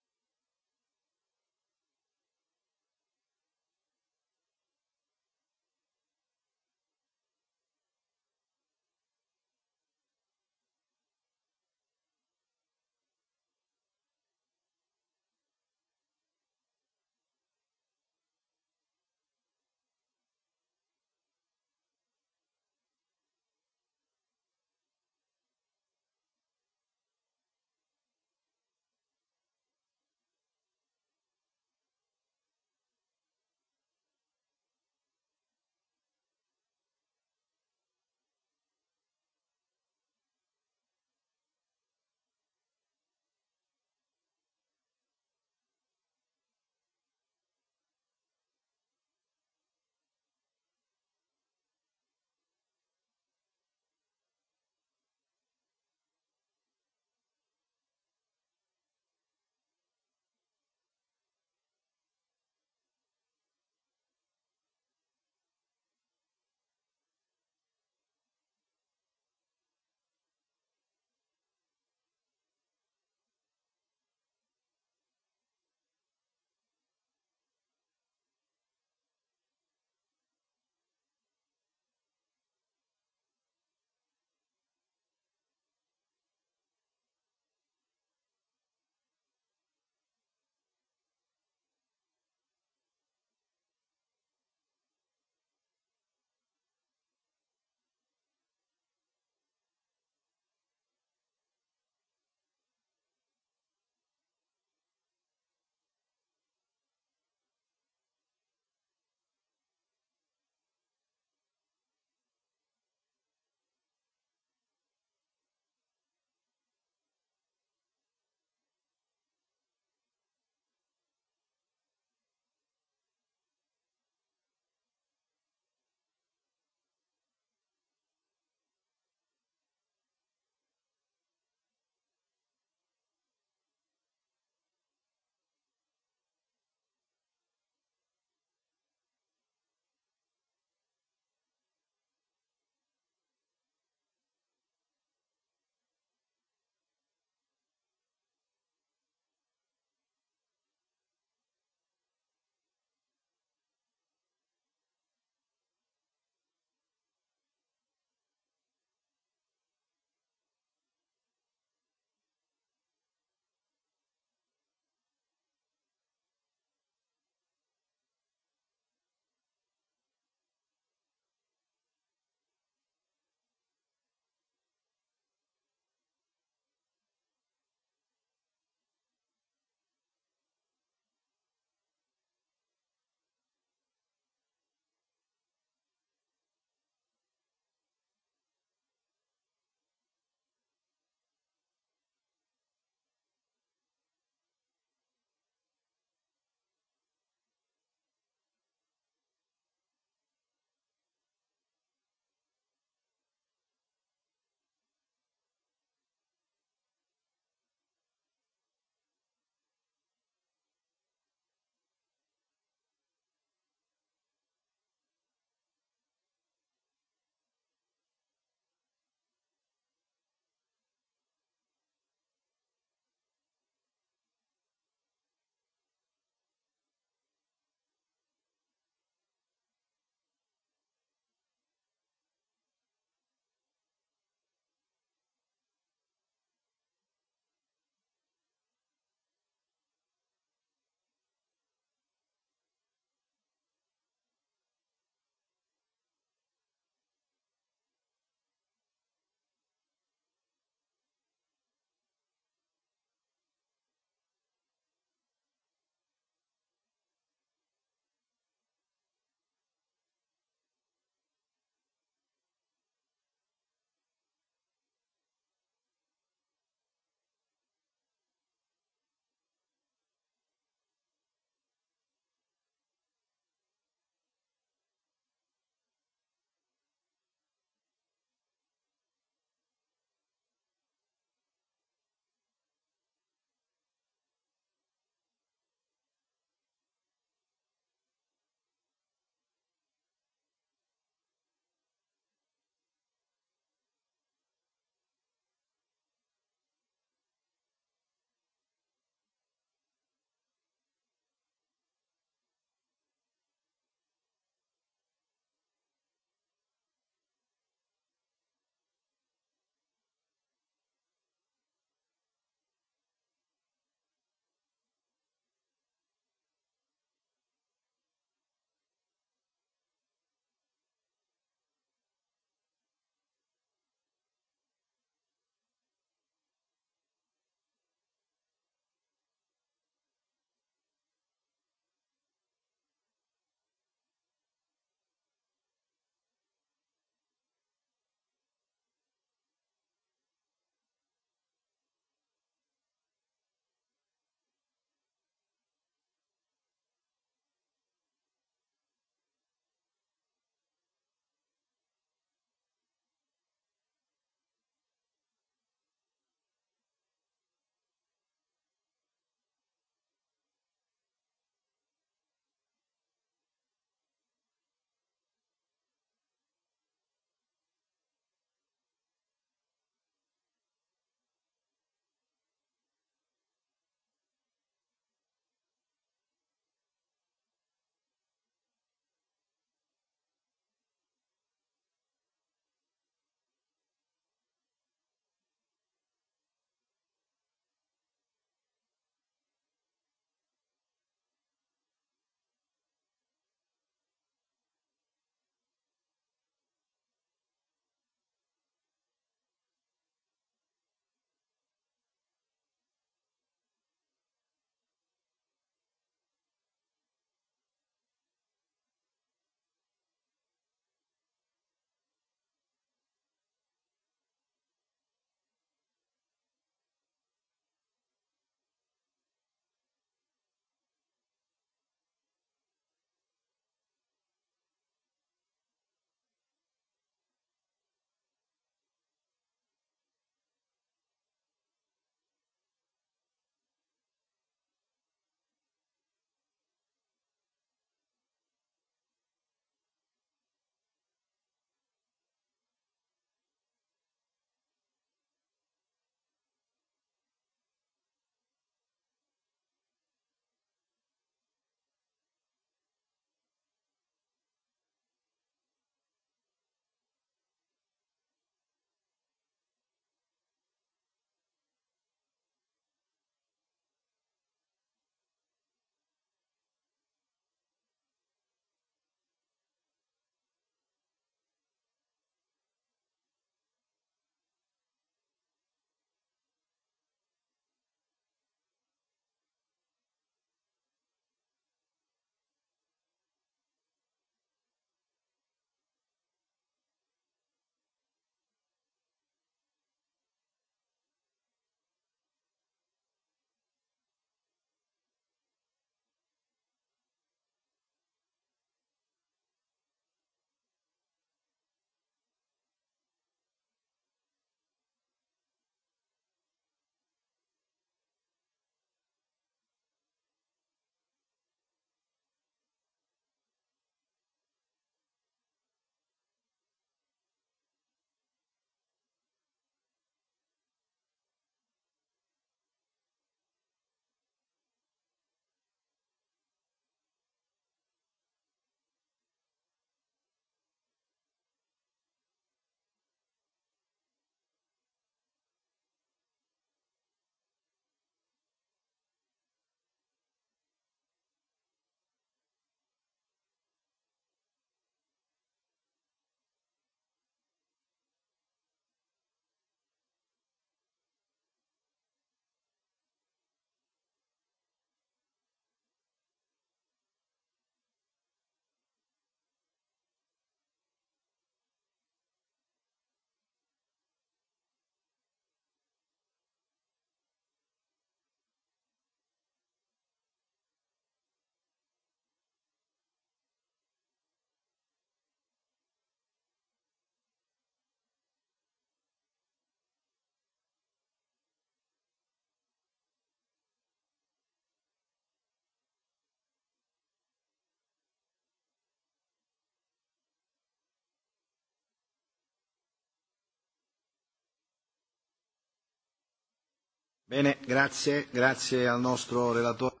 Bene, grazie, grazie al nostro relatore.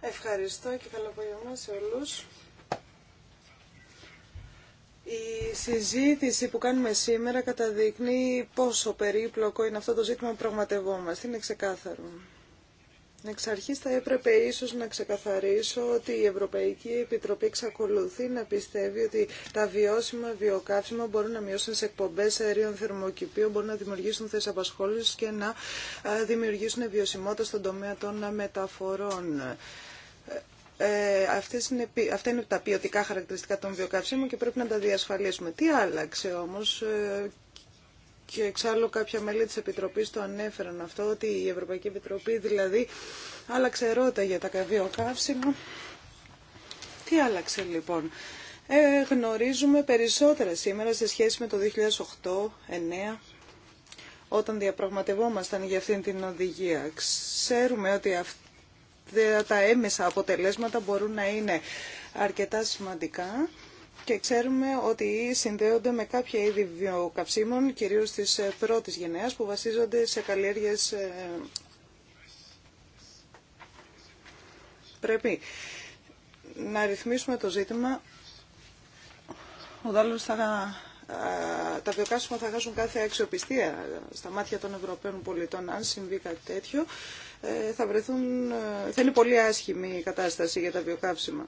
Ευχαριστώ και καλό απόγευμα σε όλους. Η συζήτηση που κάνουμε σήμερα καταδεικνύει πόσο περίπλοκο είναι αυτό το ζήτημα που πραγματευόμαστε. Είναι ξεκάθαρο. Εξ αρχή θα έπρεπε ίσω να ξεκαθαρίσω ότι η Ευρωπαϊκή Επιτροπή εξακολουθεί να πιστεύει ότι τα βιώσιμα βιοκαύσιμα μπορούν να μειώσουν σε εκπομπέ αερίων θερμοκηπίων, μπορούν να δημιουργήσουν θέσει απασχόληση και να δημιουργήσουν βιωσιμότητα στον τομέα των μεταφορών. Ε, αυτές είναι, αυτά είναι τα ποιοτικά χαρακτηριστικά των βιοκαυσίμων και πρέπει να τα διασφαλίσουμε. Τι άλλαξε όμως ε, και εξάλλου κάποια μέλη της Επιτροπής το ανέφεραν αυτό, ότι η Ευρωπαϊκή Επιτροπή δηλαδή άλλαξε ρότα για τα καβιοκαύσιμα. Τι άλλαξε λοιπόν. Ε, γνωρίζουμε περισσότερα σήμερα σε σχέση με το 2008-2009 όταν διαπραγματευόμασταν για αυτήν την οδηγία. Ξέρουμε ότι αυτά τα έμεσα αποτελέσματα μπορούν να είναι αρκετά σημαντικά και ξέρουμε ότι συνδέονται με κάποια είδη βιοκαυσίμων, κυρίως της ε, πρώτης γενναίας που βασίζονται σε καλλιέργειες ε, πρέπει να ρυθμίσουμε το ζήτημα. Ο δάλος θα, τα βιοκάσιμα θα χάσουν κάθε αξιοπιστία στα μάτια των Ευρωπαίων πολιτών αν συμβεί κάτι τέτοιο. Ε, θα, βρεθούν, θα είναι πολύ άσχημη η κατάσταση για τα βιοκάψιμα.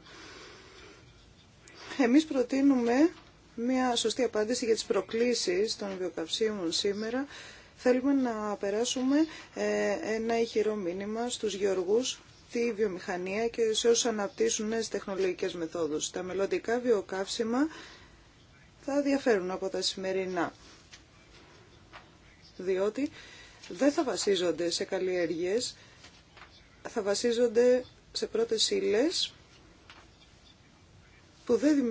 Εμείς προτείνουμε μια σωστή απάντηση για τις προκλήσεις των βιοκαυσίμων σήμερα. Θέλουμε να περάσουμε ε, ένα ηχηρό μήνυμα στους γεωργούς τη βιομηχανία και σε όσους αναπτύσσουν νέες τεχνολογικές μεθόδους. Τα μελλοντικά βιοκαύσιμα θα διαφέρουν από τα σημερινά, διότι δεν θα βασίζονται σε καλλιέργειες, θα βασίζονται σε πρώτες ύλες που δεν,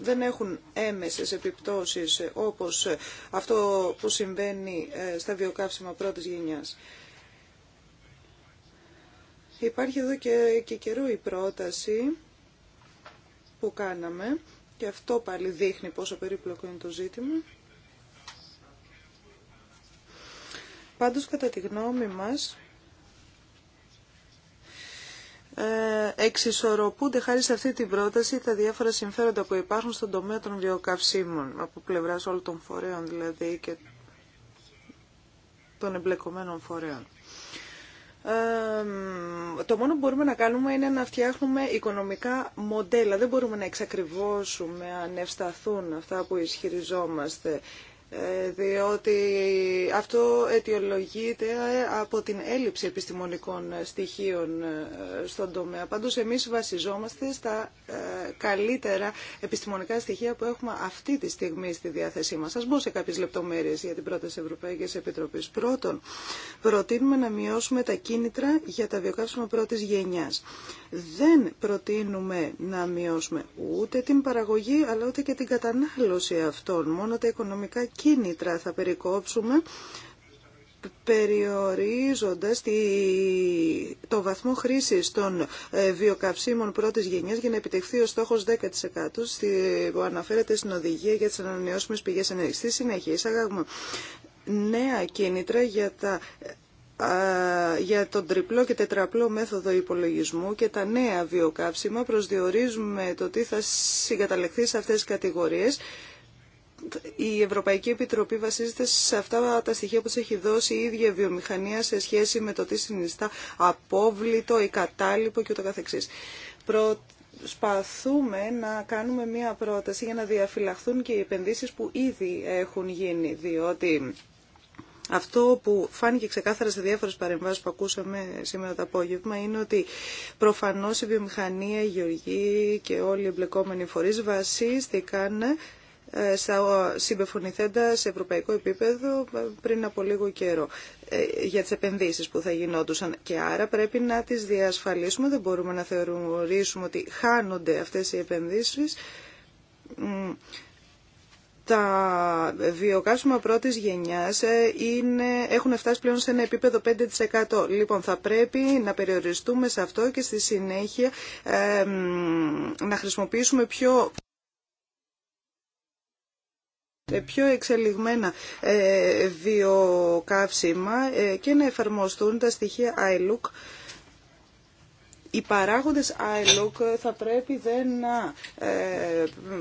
δεν έχουν έμεσες επιπτώσεις ε, όπως ε, αυτό που συμβαίνει ε, στα βιοκαύσιμα πρώτης γενιάς. Υπάρχει εδώ και, και καιρό η πρόταση που κάναμε και αυτό πάλι δείχνει πόσο περίπλοκο είναι το ζήτημα. Πάντως κατά τη γνώμη μας ε, εξισορροπούνται χάρη σε αυτή την πρόταση τα διάφορα συμφέροντα που υπάρχουν στον τομέα των βιοκαυσίμων από πλευρά όλων των φορέων δηλαδή και των εμπλεκομένων φορέων. Ε, το μόνο που μπορούμε να κάνουμε είναι να φτιάχνουμε οικονομικά μοντέλα. Δεν μπορούμε να εξακριβώσουμε αν ευσταθούν αυτά που ισχυριζόμαστε διότι αυτό αιτιολογείται από την έλλειψη επιστημονικών στοιχείων ε, στον τομέα. Πάντως εμείς βασιζόμαστε στα ε, καλύτερα επιστημονικά στοιχεία που έχουμε αυτή τη στιγμή στη διάθεσή μας. Ας μπω σε κάποιες λεπτομέρειες για την πρόταση Ευρωπαϊκή Επιτροπή. Πρώτον, προτείνουμε να μειώσουμε τα κίνητρα για τα βιοκαύσιμα πρώτης γενιάς. Δεν προτείνουμε να μειώσουμε ούτε την παραγωγή αλλά ούτε και την κατανάλωση αυτών, μόνο τα οικονομικά κίνητρα θα περικόψουμε περιορίζοντας τη... το βαθμό χρήσης των ε, βιοκαυσίμων πρώτης γενιάς για να επιτευχθεί ο στόχος 10% που αναφέρεται στην οδηγία για τις ανανεώσιμες πηγές ενέργειας. Στη συνέχεια νέα κίνητρα για τα ε, για τον τριπλό και τετραπλό μέθοδο υπολογισμού και τα νέα βιοκάψιμα προσδιορίζουμε το τι θα συγκαταλεχθεί σε αυτές τις κατηγορίες η Ευρωπαϊκή Επιτροπή βασίζεται σε αυτά τα στοιχεία που της έχει δώσει η ίδια βιομηχανία σε σχέση με το τι συνιστά απόβλητο, η κατάλοιπο και το καθεξής. Προσπαθούμε να κάνουμε μία πρόταση για να διαφυλαχθούν και οι επενδύσεις που ήδη έχουν γίνει, διότι αυτό που φάνηκε ξεκάθαρα σε διάφορες παρεμβάσεις που ακούσαμε σήμερα το απόγευμα είναι ότι προφανώς η βιομηχανία, η γεωργία και όλοι οι εμπλεκόμενοι φορείς βασίστηκαν ε, στα συμπεφωνηθέντα σε ευρωπαϊκό επίπεδο ε, πριν από λίγο καιρό ε, για τις επενδύσεις που θα γινόντουσαν και άρα πρέπει να τις διασφαλίσουμε, δεν μπορούμε να θεωρήσουμε ότι χάνονται αυτές οι επενδύσεις τα βιοκαύσιμα πρώτης γενιάς είναι, έχουν φτάσει πλέον σε ένα επίπεδο 5%. Λοιπόν, θα πρέπει να περιοριστούμε σε αυτό και στη συνέχεια να χρησιμοποιήσουμε πιο... Ε, πιο εξελιγμένα ε, βιοκαύσιμα ε, και να εφαρμοστούν τα στοιχεία iLook. Οι παράγοντες iLook θα πρέπει δεν να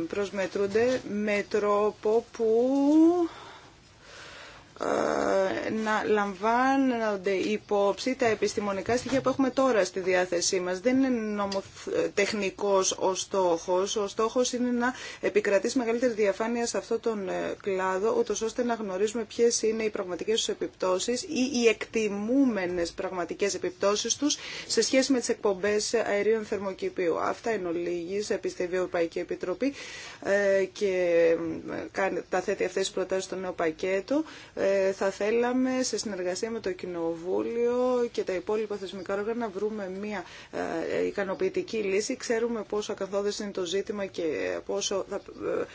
προσμετρούνται με τρόπο που να λαμβάνονται υπόψη τα επιστημονικά στοιχεία που έχουμε τώρα στη διάθεσή μας. Δεν είναι νομοτεχνικός ο στόχος. Ο στόχος είναι να επικρατήσει μεγαλύτερη διαφάνεια σε αυτόν τον ε, κλάδο, ούτως ώστε να γνωρίζουμε ποιες είναι οι πραγματικές τους επιπτώσεις ή οι εκτιμούμενες πραγματικές επιπτώσεις τους σε σχέση με τις εκπομπές αερίων θερμοκηπίου. Αυτά είναι σε πιστεύει η Ευρωπαϊκή Επιτροπή ε, και ε, τα θέτει αυτές τις προτάσεις στο νέο πακέτο θα θέλαμε σε συνεργασία με το Κοινοβούλιο και τα υπόλοιπα θεσμικά όργανα να βρούμε μια ε, ικανοποιητική λύση. Ξέρουμε πόσο ακαθόδες είναι το ζήτημα και πόσο ε,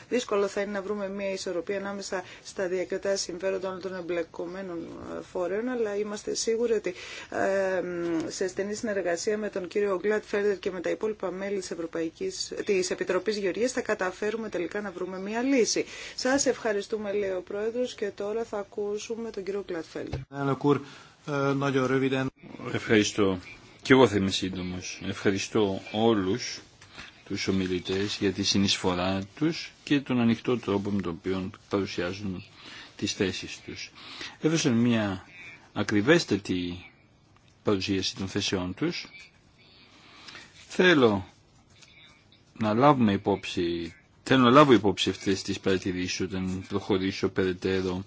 δύσκολο θα είναι να βρούμε μια ισορροπία ανάμεσα στα διακριτά συμφέροντα όλων των εμπλεκομένων ε, φορέων, αλλά είμαστε σίγουροι ότι σε στενή συνεργασία με τον κύριο Γκλάτ Φέρντερ και με τα υπόλοιπα μέλη της, Ευρωπαϊκής, της Επιτροπής Γεωργίας θα καταφέρουμε τελικά να βρούμε μια λύση. Σας ευχαριστούμε λέει ο Πρόεδρος και τώρα θα ακούσουμε ακούσουμε τον κύριο Κλατφέλντερ. Ευχαριστώ. Και εγώ θα είμαι σύντομο. Ευχαριστώ όλους τους ομιλητέ για τη συνεισφορά τους και τον ανοιχτό τρόπο με τον οποίο παρουσιάζουν τις θέσεις τους. Έδωσαν μια ακριβέστατη παρουσίαση των θέσεών τους. Θέλω να λάβουμε υπόψη, θέλω να λάβω υπόψη αυτές τις παρατηρήσεις όταν προχωρήσω περαιτέρω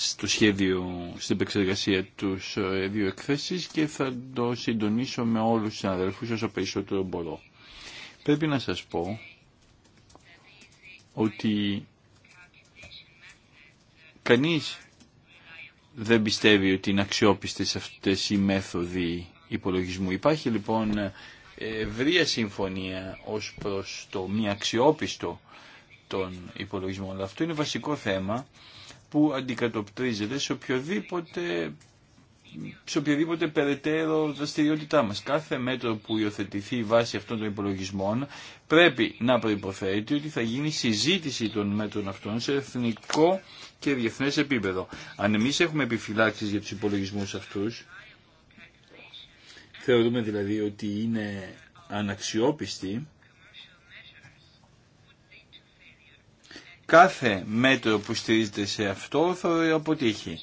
στο σχέδιο, στην επεξεργασία του ε, δύο εκθέσεις και θα το συντονίσω με όλους τους συναδελφούς όσο περισσότερο μπορώ. Πρέπει να σας πω ότι κανείς δεν πιστεύει ότι είναι αξιόπιστες αυτές οι μέθοδοι υπολογισμού. Υπάρχει λοιπόν ευρεία συμφωνία ως προς το μη αξιόπιστο των υπολογισμών. Αλλά αυτό είναι βασικό θέμα που αντικατοπτρίζεται σε οποιοδήποτε σε οποιαδήποτε περαιτέρω δραστηριότητά μας. Κάθε μέτρο που υιοθετηθεί βάσει αυτών των υπολογισμών πρέπει να προϋποθέτει ότι θα γίνει συζήτηση των μέτρων αυτών σε εθνικό και διεθνές επίπεδο. Αν εμείς έχουμε επιφυλάξεις για τους υπολογισμούς αυτούς, θεωρούμε δηλαδή ότι είναι αναξιόπιστοι κάθε μέτρο που στηρίζεται σε αυτό θα αποτύχει.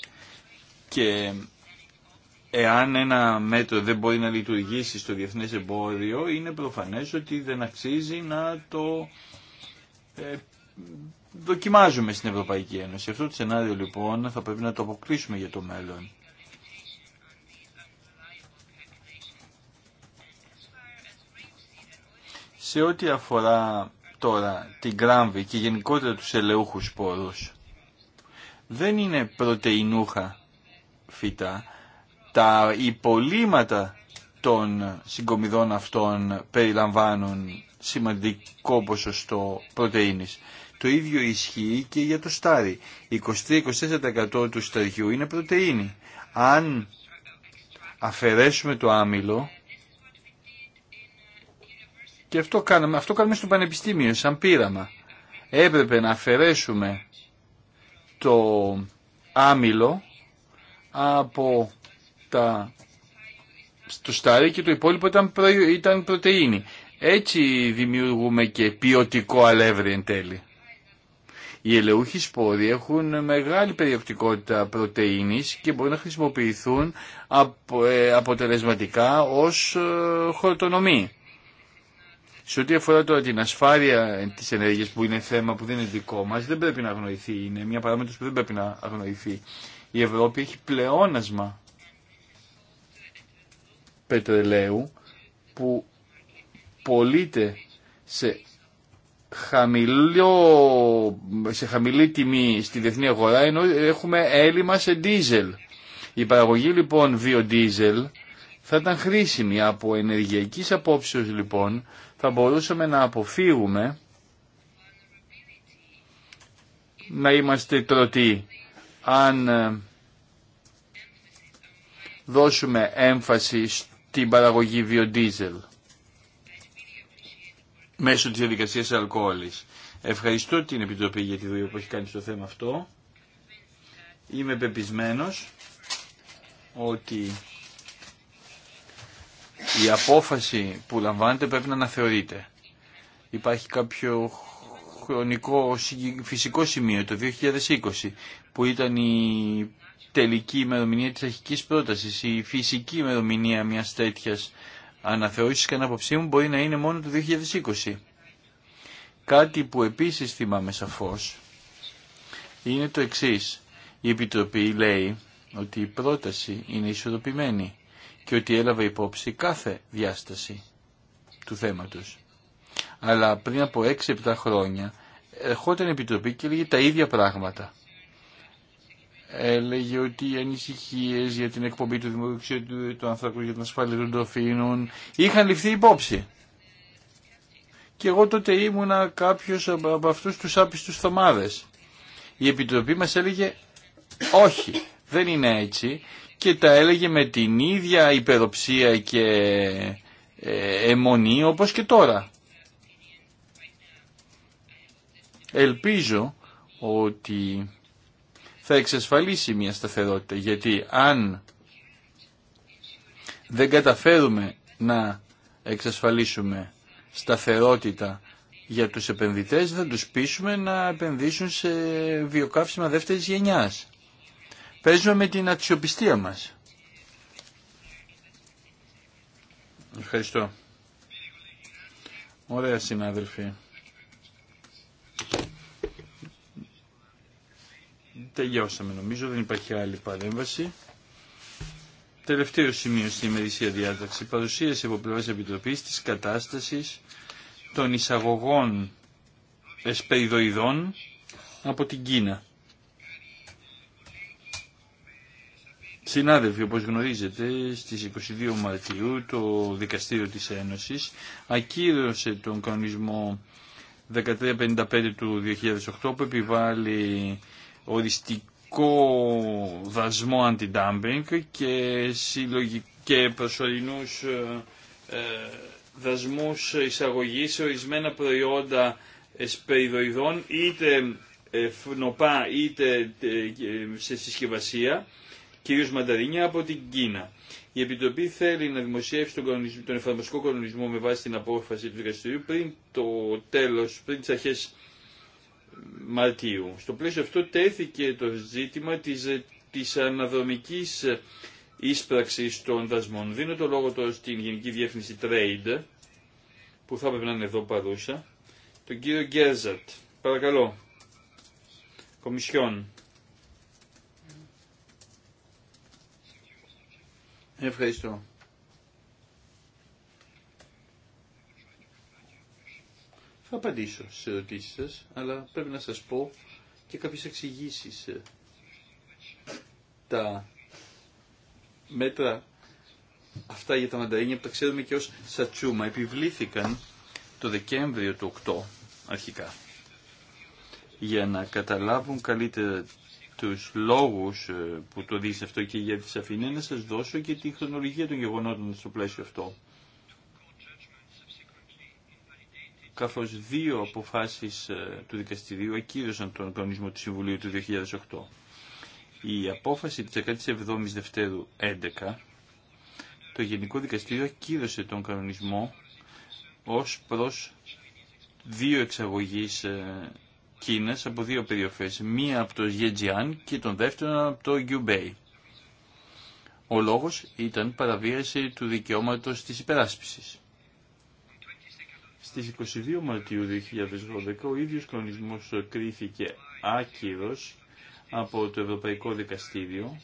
Και εάν ένα μέτρο δεν μπορεί να λειτουργήσει στο διεθνές εμπόριο, είναι προφανές ότι δεν αξίζει να το ε, δοκιμάζουμε στην Ευρωπαϊκή Ένωση. Αυτό το σενάριο λοιπόν θα πρέπει να το αποκλείσουμε για το μέλλον. Σε ό,τι αφορά τώρα την γκράμβη και γενικότερα τους ελαιούχους σπόρους δεν είναι πρωτεϊνούχα φυτά. Τα υπολείμματα των συγκομιδών αυτών περιλαμβάνουν σημαντικό ποσοστό πρωτεΐνης. Το ίδιο ισχύει και για το στάρι. 23-24% του σταριού είναι πρωτεΐνη. Αν αφαιρέσουμε το άμυλο, και αυτό κάναμε, αυτό κάνουμε στο Πανεπιστήμιο, σαν πείραμα. Έπρεπε να αφαιρέσουμε το άμυλο από τα... στο στάρι και το υπόλοιπο ήταν, ήταν πρωτεΐνη. Έτσι δημιουργούμε και ποιοτικό αλεύρι εν τέλει. Οι ελαιούχοι σπόροι έχουν μεγάλη περιεκτικότητα πρωτεΐνης και μπορούν να χρησιμοποιηθούν ε, αποτελεσματικά ως ε, χορτονομή. Σε ό,τι αφορά τώρα την ασφάλεια τη ενέργεια που είναι θέμα που δεν είναι δικό μα, δεν πρέπει να αγνοηθεί. Είναι μια παράμετρο που δεν πρέπει να αγνοηθεί. Η Ευρώπη έχει πλεόνασμα πετρελαίου που πωλείται σε, σε χαμηλή τιμή στη διεθνή αγορά ενώ έχουμε έλλειμμα σε δίζελ. Η παραγωγή λοιπόν βιοδιζελ θα ήταν χρήσιμη από ενεργειακής απόψεως λοιπόν θα μπορούσαμε να αποφύγουμε να είμαστε τρωτοί αν ε, δώσουμε έμφαση στην παραγωγή βιοντίζελ μέσω της διαδικασίας αλκοόλης. Ευχαριστώ την Επιτροπή για τη δουλειά που έχει κάνει στο θέμα αυτό. Είμαι πεπισμένος ότι η απόφαση που λαμβάνεται πρέπει να αναθεωρείται. Υπάρχει κάποιο χρονικό φυσικό σημείο το 2020 που ήταν η τελική ημερομηνία της αρχικής πρότασης. Η φυσική ημερομηνία μιας τέτοιας αναθεώρησης και αποψή μου μπορεί να είναι μόνο το 2020. Κάτι που επίσης θυμάμαι σαφώς είναι το εξής. Η Επιτροπή λέει ότι η πρόταση είναι ισορροπημένη και ότι έλαβε υπόψη κάθε διάσταση του θέματος. Αλλά πριν από 6-7 χρόνια ερχόταν η Επιτροπή και έλεγε τα ίδια πράγματα. Έλεγε ότι οι ανησυχίε για την εκπομπή του δημοσίου του, του ανθρώπου για την ασφάλεια των τροφίνων είχαν ληφθεί υπόψη. Και εγώ τότε ήμουνα κάποιο από αυτού του άπιστου θωμάδε. Η Επιτροπή μα έλεγε όχι, δεν είναι έτσι και τα έλεγε με την ίδια υπεροψία και ε, αιμονή όπως και τώρα. Ελπίζω ότι θα εξασφαλίσει μια σταθερότητα γιατί αν δεν καταφέρουμε να εξασφαλίσουμε σταθερότητα για τους επενδυτές θα τους πείσουμε να επενδύσουν σε βιοκαύσιμα δεύτερης γενιάς. Παίζουμε με την αξιοπιστία μας. Ευχαριστώ. Ωραία συνάδελφοι. Τελειώσαμε νομίζω, δεν υπάρχει άλλη παρέμβαση. Τελευταίο σημείο στη ημερησία διάταξη. Παρουσίαση από πλευρά Επιτροπή τη κατάσταση των εισαγωγών εσπεριδοειδών από την Κίνα. Συνάδελφοι, όπως γνωρίζετε, στις 22 Μαρτιού το Δικαστήριο της Ένωσης ακύρωσε τον κανονισμό 1355 του 2008 που επιβάλλει οριστικό δασμό αντι-dumping και, και προσωρινούς ε, ε, δασμούς εισαγωγής σε ορισμένα προϊόντα εσπεριδοειδών είτε ε, φνοπά είτε σε συσκευασία κυρίως μανταρινιά, από την Κίνα. Η Επιτροπή θέλει να δημοσιεύσει τον, τον εφαρμοστικό κανονισμό με βάση την απόφαση του δικαστηρίου πριν το τέλος, πριν τις αρχές Μαρτίου. Στο πλαίσιο αυτό τέθηκε το ζήτημα της, της αναδρομικής ίσπραξης των δασμών. Δίνω το λόγο τώρα στην Γενική Διεύθυνση Trade, που θα έπρεπε να είναι εδώ παρούσα, τον κύριο Γκέρζατ. Παρακαλώ. Κομισιόν. Ευχαριστώ. Θα απαντήσω σε ερωτήσεις σας, αλλά πρέπει να σας πω και κάποιες εξηγήσει Τα μέτρα αυτά για τα μανταρίνια που τα ξέρουμε και ως σατσούμα επιβλήθηκαν το Δεκέμβριο του 8 αρχικά για να καταλάβουν καλύτερα τους λόγους ε, που το δείς αυτό και για τη σαφήνεια να σας δώσω και τη χρονολογία των γεγονότων στο πλαίσιο αυτό. Καθώς δύο αποφάσεις ε, του δικαστηρίου ακύρωσαν τον κανονισμό του Συμβουλίου του 2008. Η απόφαση της 17ης Δευτέρου 11 το Γενικό Δικαστήριο ακύρωσε τον κανονισμό ως προς δύο εξαγωγείς ε, Κίνας από δύο περιοχές, μία από το Γετζιάν και τον δεύτερο από το Γιουμπέι. Ο λόγος ήταν παραβίαση του δικαιώματος της υπεράσπισης. Στις 22 Μαρτίου 2012 ο ίδιος κανονισμός κρίθηκε άκυρος από το Ευρωπαϊκό Δικαστήριο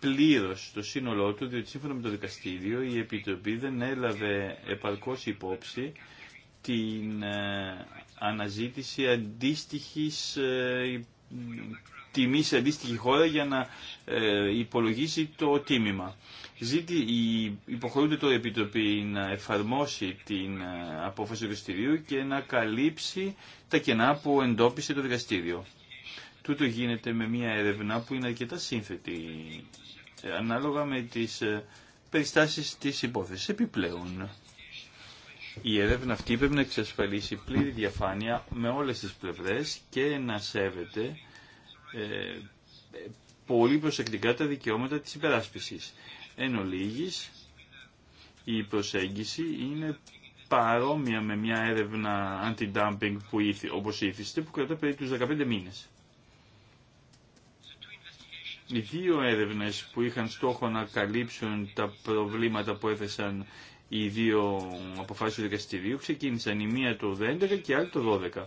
πλήρως το σύνολό του, διότι σύμφωνα με το δικαστήριο η Επιτροπή δεν έλαβε επαρκώς υπόψη την ε, αναζήτηση αντίστοιχης ε, τιμή σε αντίστοιχη χώρα για να ε, υπολογίσει το τίμημα. Ζήτη, υποχωρούνται τώρα η Επιτροπή να εφαρμόσει την ε, απόφαση του δικαστηρίου και να καλύψει τα κενά που εντόπισε το δικαστήριο. Τούτο γίνεται με μια έρευνα που είναι αρκετά σύνθετη ανάλογα με τις περιστάσεις της υπόθεσης. Επιπλέον, η έρευνα αυτή πρέπει να εξασφαλίσει πλήρη διαφάνεια με όλες τις πλευρές και να σέβεται ε, πολύ προσεκτικά τα δικαιώματα της υπεράσπισης. Εν ολίγης, η προσέγγιση είναι παρόμοια με μια έρευνα anti-dumping που ήθι, όπως ήθιστε που κρατά περίπου τους 15 μήνες. Οι δύο έρευνες που είχαν στόχο να καλύψουν τα προβλήματα που έθεσαν οι δύο αποφάσεις του δικαστηρίου ξεκίνησαν η μία το 2011 και η άλλη το 2012.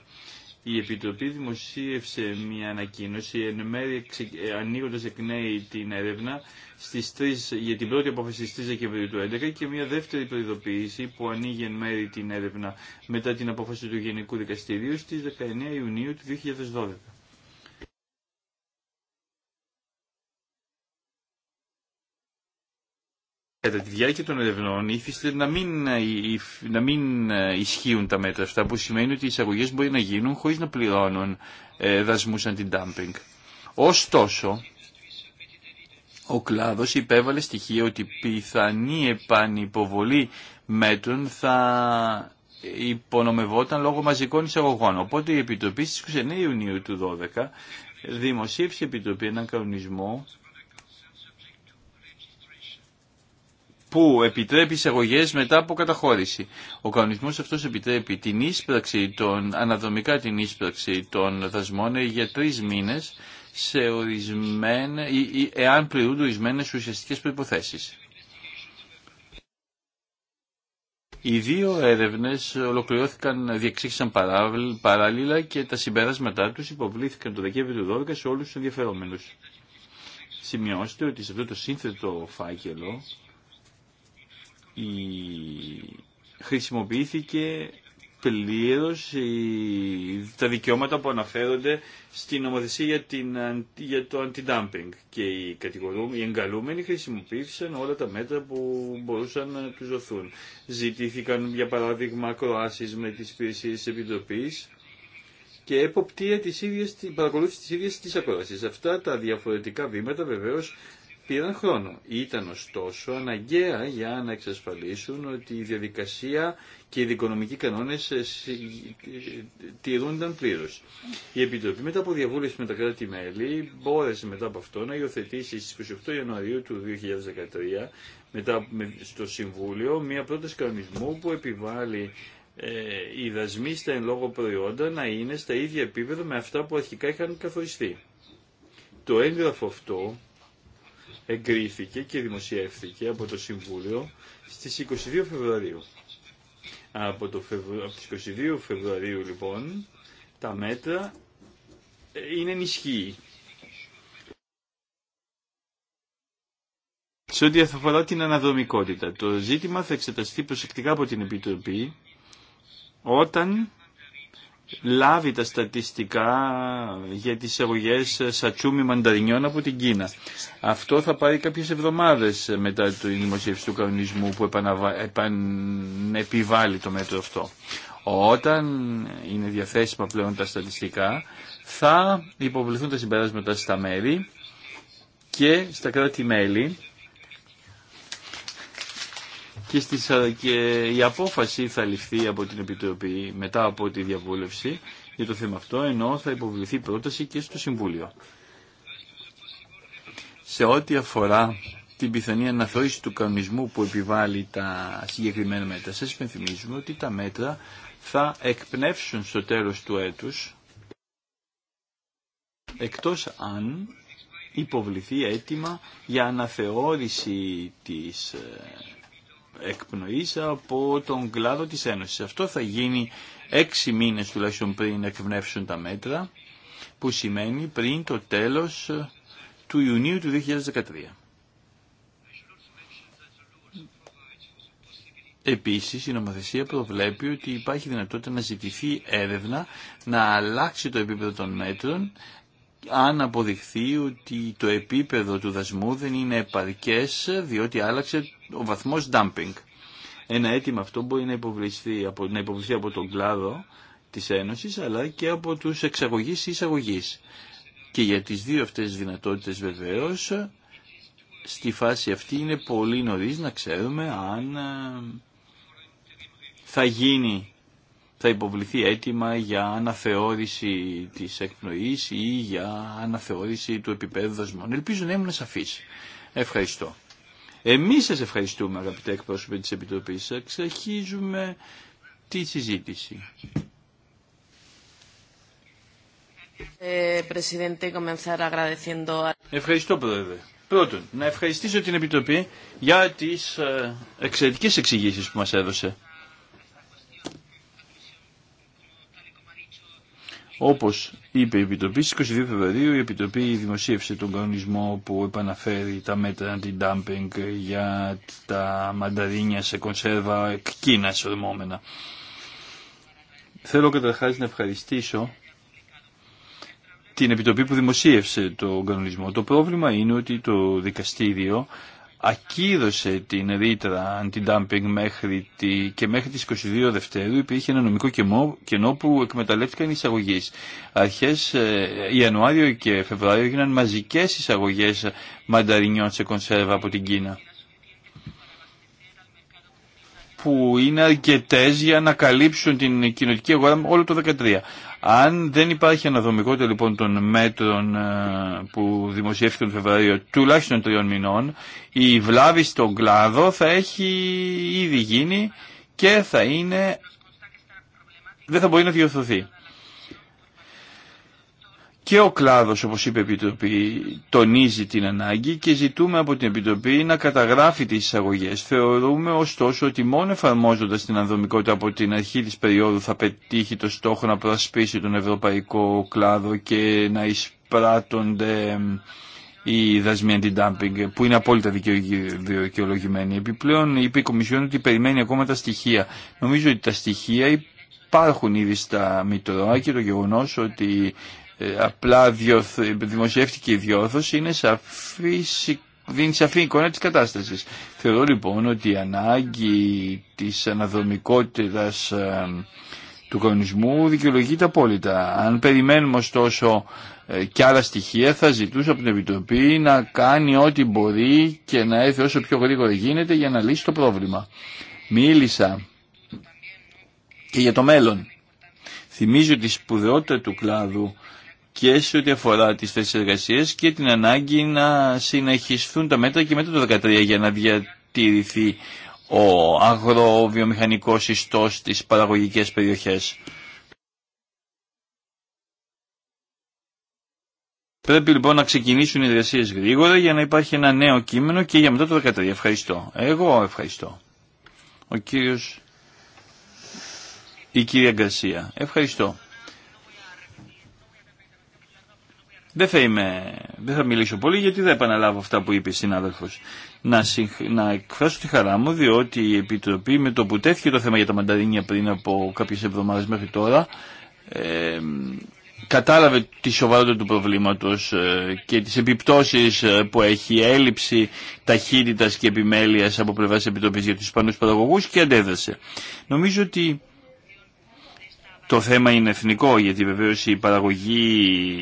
Η Επιτροπή δημοσίευσε μια ανακοίνωση εν μέρει ε, ανοίγοντας εκ νέη την έρευνα στις 3, για την πρώτη απόφαση στις 3 Δεκεμβρίου του 2011 και μια δεύτερη προειδοποίηση που ανοίγει εν μέρη την έρευνα μετά την απόφαση του Γενικού Δικαστηρίου στις 19 Ιουνίου του 2012. Κατά τη διάρκεια των ερευνών ήθιστε να μην, ε, ε, ισχύουν τα μέτρα αυτά που σημαίνει ότι οι εισαγωγέ μπορεί να γίνουν χωρί να πληρώνουν ε, δασμού αντι-dumping. Ωστόσο, ο κλάδο υπέβαλε στοιχεία ότι πιθανή επανυποβολή μέτρων θα υπονομευόταν λόγω μαζικών εισαγωγών. Οπότε η Επιτροπή στις 29 Ιουνίου του 2012 δημοσίευσε η Επιτροπή έναν κανονισμό που επιτρέπει εισαγωγέ μετά από καταχώρηση. Ο κανονισμό αυτό επιτρέπει την ίσπραξη των, αναδρομικά την ίσπραξη των δασμών για τρει μήνε σε ορισμένε, ή, εάν πληρούνται ορισμένε ουσιαστικέ προποθέσει. Οι δύο έρευνε ολοκληρώθηκαν, διεξήχθησαν παράλληλα και τα συμπεράσματά του υποβλήθηκαν το Δεκέμβριο του 2012 σε όλου του ενδιαφερόμενου. Σημειώστε ότι σε αυτό το σύνθετο φάκελο η... χρησιμοποιήθηκε πλήρως η... τα δικαιώματα που αναφέρονται στην νομοθεσία για, την... για το αντι-dumping και οι, οι εγκαλούμενοι χρησιμοποίησαν όλα τα μέτρα που μπορούσαν να του δοθούν. Ζητήθηκαν για παράδειγμα ακροάσεις με τις υπηρεσίες τη Επιτροπής και εποπτεία της ίδιας, παρακολούθηση της ίδιας της ακρόασης. Αυτά τα διαφορετικά βήματα βεβαίως πήραν χρόνο. Ήταν ωστόσο αναγκαία για να εξασφαλίσουν ότι η διαδικασία και οι δικονομικοί κανόνες ε, ε, τηρούνταν πλήρως. Η Επιτροπή μετά από διαβούλευση με τα κράτη-μέλη μπόρεσε μετά από αυτό να υιοθετήσει στις 28 Ιανουαρίου του 2013 μετά στο Συμβούλιο μια πρόταση κανονισμού που επιβάλλει ε, οι δασμοί στα εν λόγω προϊόντα να είναι στα ίδια επίπεδα με αυτά που αρχικά είχαν καθοριστεί. Το έγγραφο αυτό εγκρίθηκε και δημοσιεύθηκε από το Συμβούλιο στις 22 Φεβρουαρίου. Από, το τις 22 Φεβρουαρίου λοιπόν τα μέτρα ε, είναι ενισχύ. Σε ό,τι αφορά την αναδρομικότητα, το ζήτημα θα εξεταστεί προσεκτικά από την Επιτροπή όταν λάβει τα στατιστικά για τις εγωγές σατσούμι μανταρινιών από την Κίνα. Αυτό θα πάρει κάποιες εβδομάδες μετά το δημοσίευση του κανονισμού που επανεπιβάλλει το μέτρο αυτό. Όταν είναι διαθέσιμα πλέον τα στατιστικά θα υποβληθούν τα συμπεράσματα στα μέρη και στα κράτη-μέλη και, ε, και η απόφαση θα ληφθεί από την Επιτροπή μετά από τη διαβούλευση για το θέμα αυτό, ενώ θα υποβληθεί πρόταση και στο Συμβούλιο. Σε ό,τι αφορά την πιθανή αναθεώρηση του κανονισμού που επιβάλλει τα συγκεκριμένα μέτρα, σας υπενθυμίζουμε ότι τα μέτρα θα εκπνεύσουν στο τέλος του έτους, εκτός αν υποβληθεί αίτημα για αναθεώρηση της ε, εκπνοής από τον κλάδο της Ένωσης. Αυτό θα γίνει έξι μήνες τουλάχιστον πριν εκπνεύσουν τα μέτρα, που σημαίνει πριν το τέλος του Ιουνίου του 2013. Επίσης, η νομοθεσία προβλέπει ότι υπάρχει δυνατότητα να ζητηθεί έρευνα να αλλάξει το επίπεδο των μέτρων αν αποδειχθεί ότι το επίπεδο του δασμού δεν είναι επαρκές διότι άλλαξε ο βαθμός dumping. Ένα αίτημα αυτό μπορεί να υποβληθεί από, από τον κλάδο της Ένωσης αλλά και από τους εξαγωγείς ή εισαγωγείς. Και για τις δύο αυτές δυνατότητες βεβαίως στη φάση αυτή είναι πολύ νωρίς να ξέρουμε αν ε, θα γίνει θα υποβληθεί αίτημα για αναθεώρηση της εκπνοής ή για αναθεώρηση του επίπεδου δοσμών. Ελπίζω να ήμουν σαφής. Ευχαριστώ. Εμείς σας ευχαριστούμε αγαπητέ εκπρόσωπε της Επιτροπής σας. ξεχίζουμε τη συζήτηση. Ε, Ευχαριστώ πρόεδρε. Πρώτον, να ευχαριστήσω την Επιτροπή για τις ε, εξαιρετικές εξηγήσεις που μας έδωσε. Όπω είπε η Επιτροπή, στι 22 Φεβρουαρίου η Επιτροπή δημοσίευσε τον κανονισμό που επαναφέρει τα μέτρα αντι-dumping για τα μανταρίνια σε κονσέρβα εκ Κίνα ορμόμενα. Θέλω καταρχά να ευχαριστήσω την Επιτροπή που δημοσίευσε τον κανονισμό. Το πρόβλημα είναι ότι το δικαστήριο ακύρωσε την ρήτρα αντι-dumping μέχρι τη, και μέχρι τις 22 Δευτέρου υπήρχε ένα νομικό κενό, που εκμεταλλεύτηκαν οι εισαγωγείς. Αρχές ε, Ιανουάριο και Φεβρουάριο έγιναν μαζικές εισαγωγές μανταρινιών σε κονσέρβα από την Κίνα που είναι αρκετέ για να καλύψουν την κοινωτική αγορά όλο το 2013. Αν δεν υπάρχει αναδομικότητα λοιπόν των μέτρων ε, που δημοσιεύτηκαν τον Φεβρουάριο τουλάχιστον τριών μηνών, η βλάβη στον κλάδο θα έχει ήδη γίνει και θα είναι... δεν θα μπορεί να διορθωθεί και ο κλάδος, όπως είπε η Επιτροπή, τονίζει την ανάγκη και ζητούμε από την Επιτροπή να καταγράφει τις εισαγωγέ. Θεωρούμε ωστόσο ότι μόνο εφαρμόζοντας την ανδρομικότητα από την αρχή της περίοδου θα πετύχει το στόχο να προασπίσει τον ευρωπαϊκό κλάδο και να εισπράττονται οι δασμοί αντι-dumping, που είναι απόλυτα δικαιολογημένοι. Επιπλέον είπε η Κομισιόν ότι περιμένει ακόμα τα στοιχεία. Νομίζω ότι τα στοιχεία υπάρχουν ήδη στα Μητρώα και το γεγονός ότι απλά δημοσιεύτηκε η διόρθωση είναι σαφή, δίνει σαφή εικόνα της κατάστασης. Θεωρώ λοιπόν ότι η ανάγκη της αναδρομικότητας ε, του κανονισμού δικαιολογείται απόλυτα. Αν περιμένουμε ωστόσο ε, και άλλα στοιχεία θα ζητούσα από την Επιτροπή να κάνει ό,τι μπορεί και να έρθει όσο πιο γρήγορα γίνεται για να λύσει το πρόβλημα. Μίλησα και για το μέλλον. Θυμίζω τη σπουδαιότητα του κλάδου και σε ό,τι αφορά τις θέσεις εργασία και την ανάγκη να συνεχιστούν τα μέτρα και μετά το 2013 για να διατηρηθεί ο αγροβιομηχανικό ιστός στις παραγωγικές περιοχές. Πρέπει λοιπόν να ξεκινήσουν οι εργασίε γρήγορα για να υπάρχει ένα νέο κείμενο και για μετά το 2013. Ευχαριστώ. Εγώ ευχαριστώ. Ο κύριος... Η κυρία Γκαρσία. Ευχαριστώ. Δεν θα, δεν θα μιλήσω πολύ γιατί δεν επαναλάβω αυτά που είπε η συνάδελφος. Να, να εκφράσω τη χαρά μου διότι η Επιτροπή με το που τέθηκε το θέμα για τα μανταρίνια πριν από κάποιες εβδομάδες μέχρι τώρα κατάλαβε τη σοβαρότητα του προβλήματος ε, και τις επιπτώσεις ε, που έχει η έλλειψη ταχύτητας και επιμέλειας από πλευράς Επιτροπής για τους Ισπανούς παραγωγούς και αντέδρασε. Νομίζω ότι το θέμα είναι εθνικό, γιατί βεβαίω η παραγωγή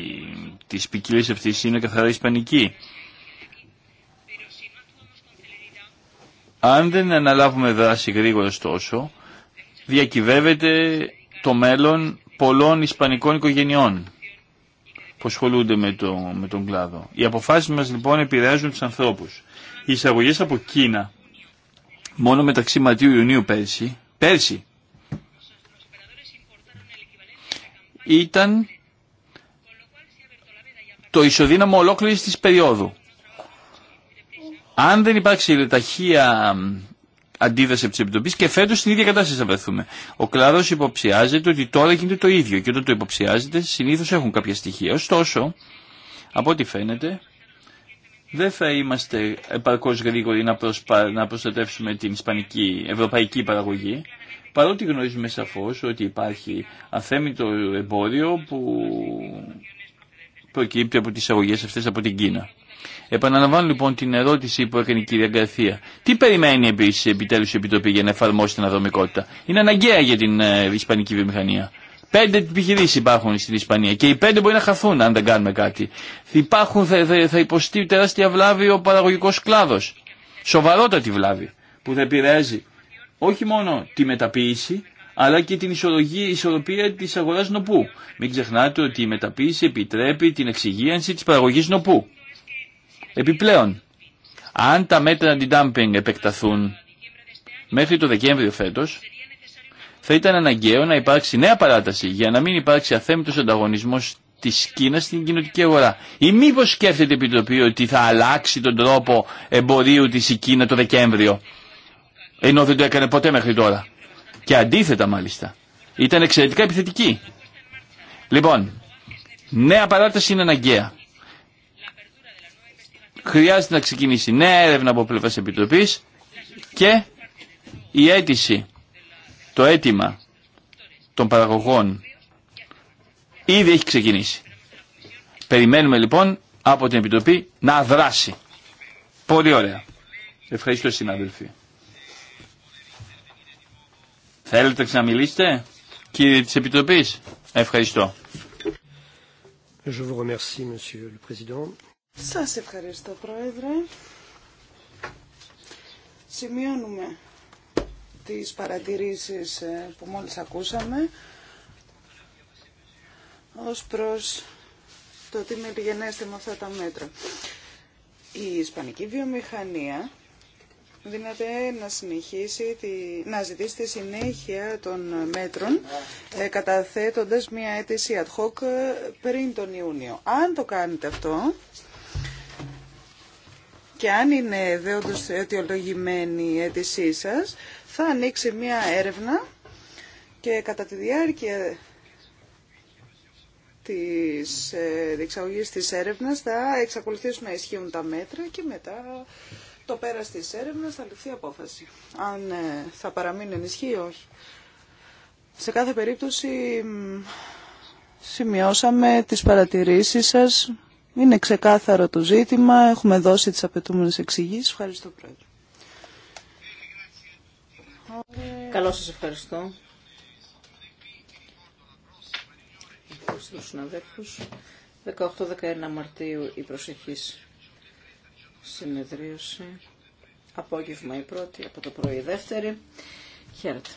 της ποικιλή αυτή είναι καθαρά ισπανική. Αν δεν αναλάβουμε δράση γρήγορα τόσο, διακυβεύεται το μέλλον πολλών ισπανικών οικογενειών που ασχολούνται με, το, με τον κλάδο. Οι αποφάσεις μας λοιπόν επηρεάζουν τους ανθρώπους. Οι εισαγωγέ από Κίνα μόνο μεταξύ Μαρτίου Ιουνίου πέρσι, πέρσι ήταν το ισοδύναμο ολόκληρης της περίοδου. Αν δεν υπάρξει ταχεία αντίδραση από τι και φέτο στην ίδια κατάσταση θα βρεθούμε. Ο κλάδος υποψιάζεται ότι τώρα γίνεται το ίδιο και όταν το υποψιάζεται συνήθως έχουν κάποια στοιχεία. Ωστόσο, από ό,τι φαίνεται, δεν θα είμαστε επαρκώς γρήγοροι να, να προστατεύσουμε την ισπανική ευρωπαϊκή παραγωγή παρότι γνωρίζουμε σαφώς ότι υπάρχει αθέμητο εμπόριο που προκύπτει από τις αγωγές αυτές από την Κίνα. Επαναλαμβάνω λοιπόν την ερώτηση που έκανε η κυρία Γκαρθία. Τι περιμένει επίση επιτέλους η Επιτροπή για να εφαρμόσει την αδρομικότητα. Είναι αναγκαία για την ε, Ισπανική βιομηχανία. Πέντε επιχειρήσει υπάρχουν στην Ισπανία και οι πέντε μπορεί να χαθούν αν δεν κάνουμε κάτι. Υπάρχουν, θα, θα υποστεί τεράστια βλάβη ο παραγωγικός κλάδο. Σοβαρότατη βλάβη που θα επηρεάζει όχι μόνο τη μεταποίηση, αλλά και την ισορροπία τη αγορά νοπού. Μην ξεχνάτε ότι η μεταποίηση επιτρέπει την εξυγίανση τη παραγωγή νοπού. Επιπλέον, αν τα μέτρα αντι-dumping επεκταθούν μέχρι το Δεκέμβριο φέτο, θα ήταν αναγκαίο να υπάρξει νέα παράταση για να μην υπάρξει αθέμητο ανταγωνισμό τη Κίνα στην κοινωτική αγορά. Ή μήπω σκέφτεται η Επιτροπή ότι θα αλλάξει τον τρόπο εμπορίου τη η Κίνα το Δεκέμβριο ε, ενώ δεν το έκανε ποτέ μέχρι τώρα. Και αντίθετα μάλιστα. Ήταν εξαιρετικά επιθετική. Λοιπόν, νέα παράταση είναι αναγκαία. Χρειάζεται να ξεκινήσει νέα έρευνα από πλευρά Επιτροπή και η αίτηση, το αίτημα των παραγωγών ήδη έχει ξεκινήσει. Περιμένουμε λοιπόν από την Επιτροπή να δράσει. Πολύ ωραία. Ευχαριστώ συνάδελφοι. Θέλετε μιλήσετε, κύριε της Επιτροπής. Ευχαριστώ. Σα Σας ευχαριστώ, Πρόεδρε. Σημειώνουμε τις παρατηρήσεις ε, που μόλις ακούσαμε ως προς το τι με με αυτά τα μέτρα. Η Ισπανική βιομηχανία δυνατέ να συνεχίσει, τη, να ζητήσει τη συνέχεια των μέτρων ε, καταθέτοντας μια αίτηση ad hoc ε, πριν τον Ιούνιο. Αν το κάνετε αυτό και αν είναι δέοντος αιτιολογημένη η αίτησή σας, θα ανοίξει μια έρευνα και κατά τη διάρκεια της ε, διεξαγωγής της έρευνας θα εξακολουθήσουν να ισχύουν τα μέτρα και μετά το πέρας της έρευνας θα ληφθεί απόφαση. Αν ε, θα παραμείνει ενισχύ ή όχι. Σε κάθε περίπτωση σημειώσαμε τις παρατηρήσεις σας. Είναι ξεκάθαρο το ζήτημα. Έχουμε δώσει τις απαιτούμενες εξηγήσεις. Ευχαριστώ πρόεδρε. Καλώς σας ευχαριστώ. Ευχαριστώ στους συναδέλφους. 18-19 Μαρτίου η προσεχής συνεδρίωση. Απόγευμα η πρώτη, από το πρωί η δεύτερη. Χαίρετε.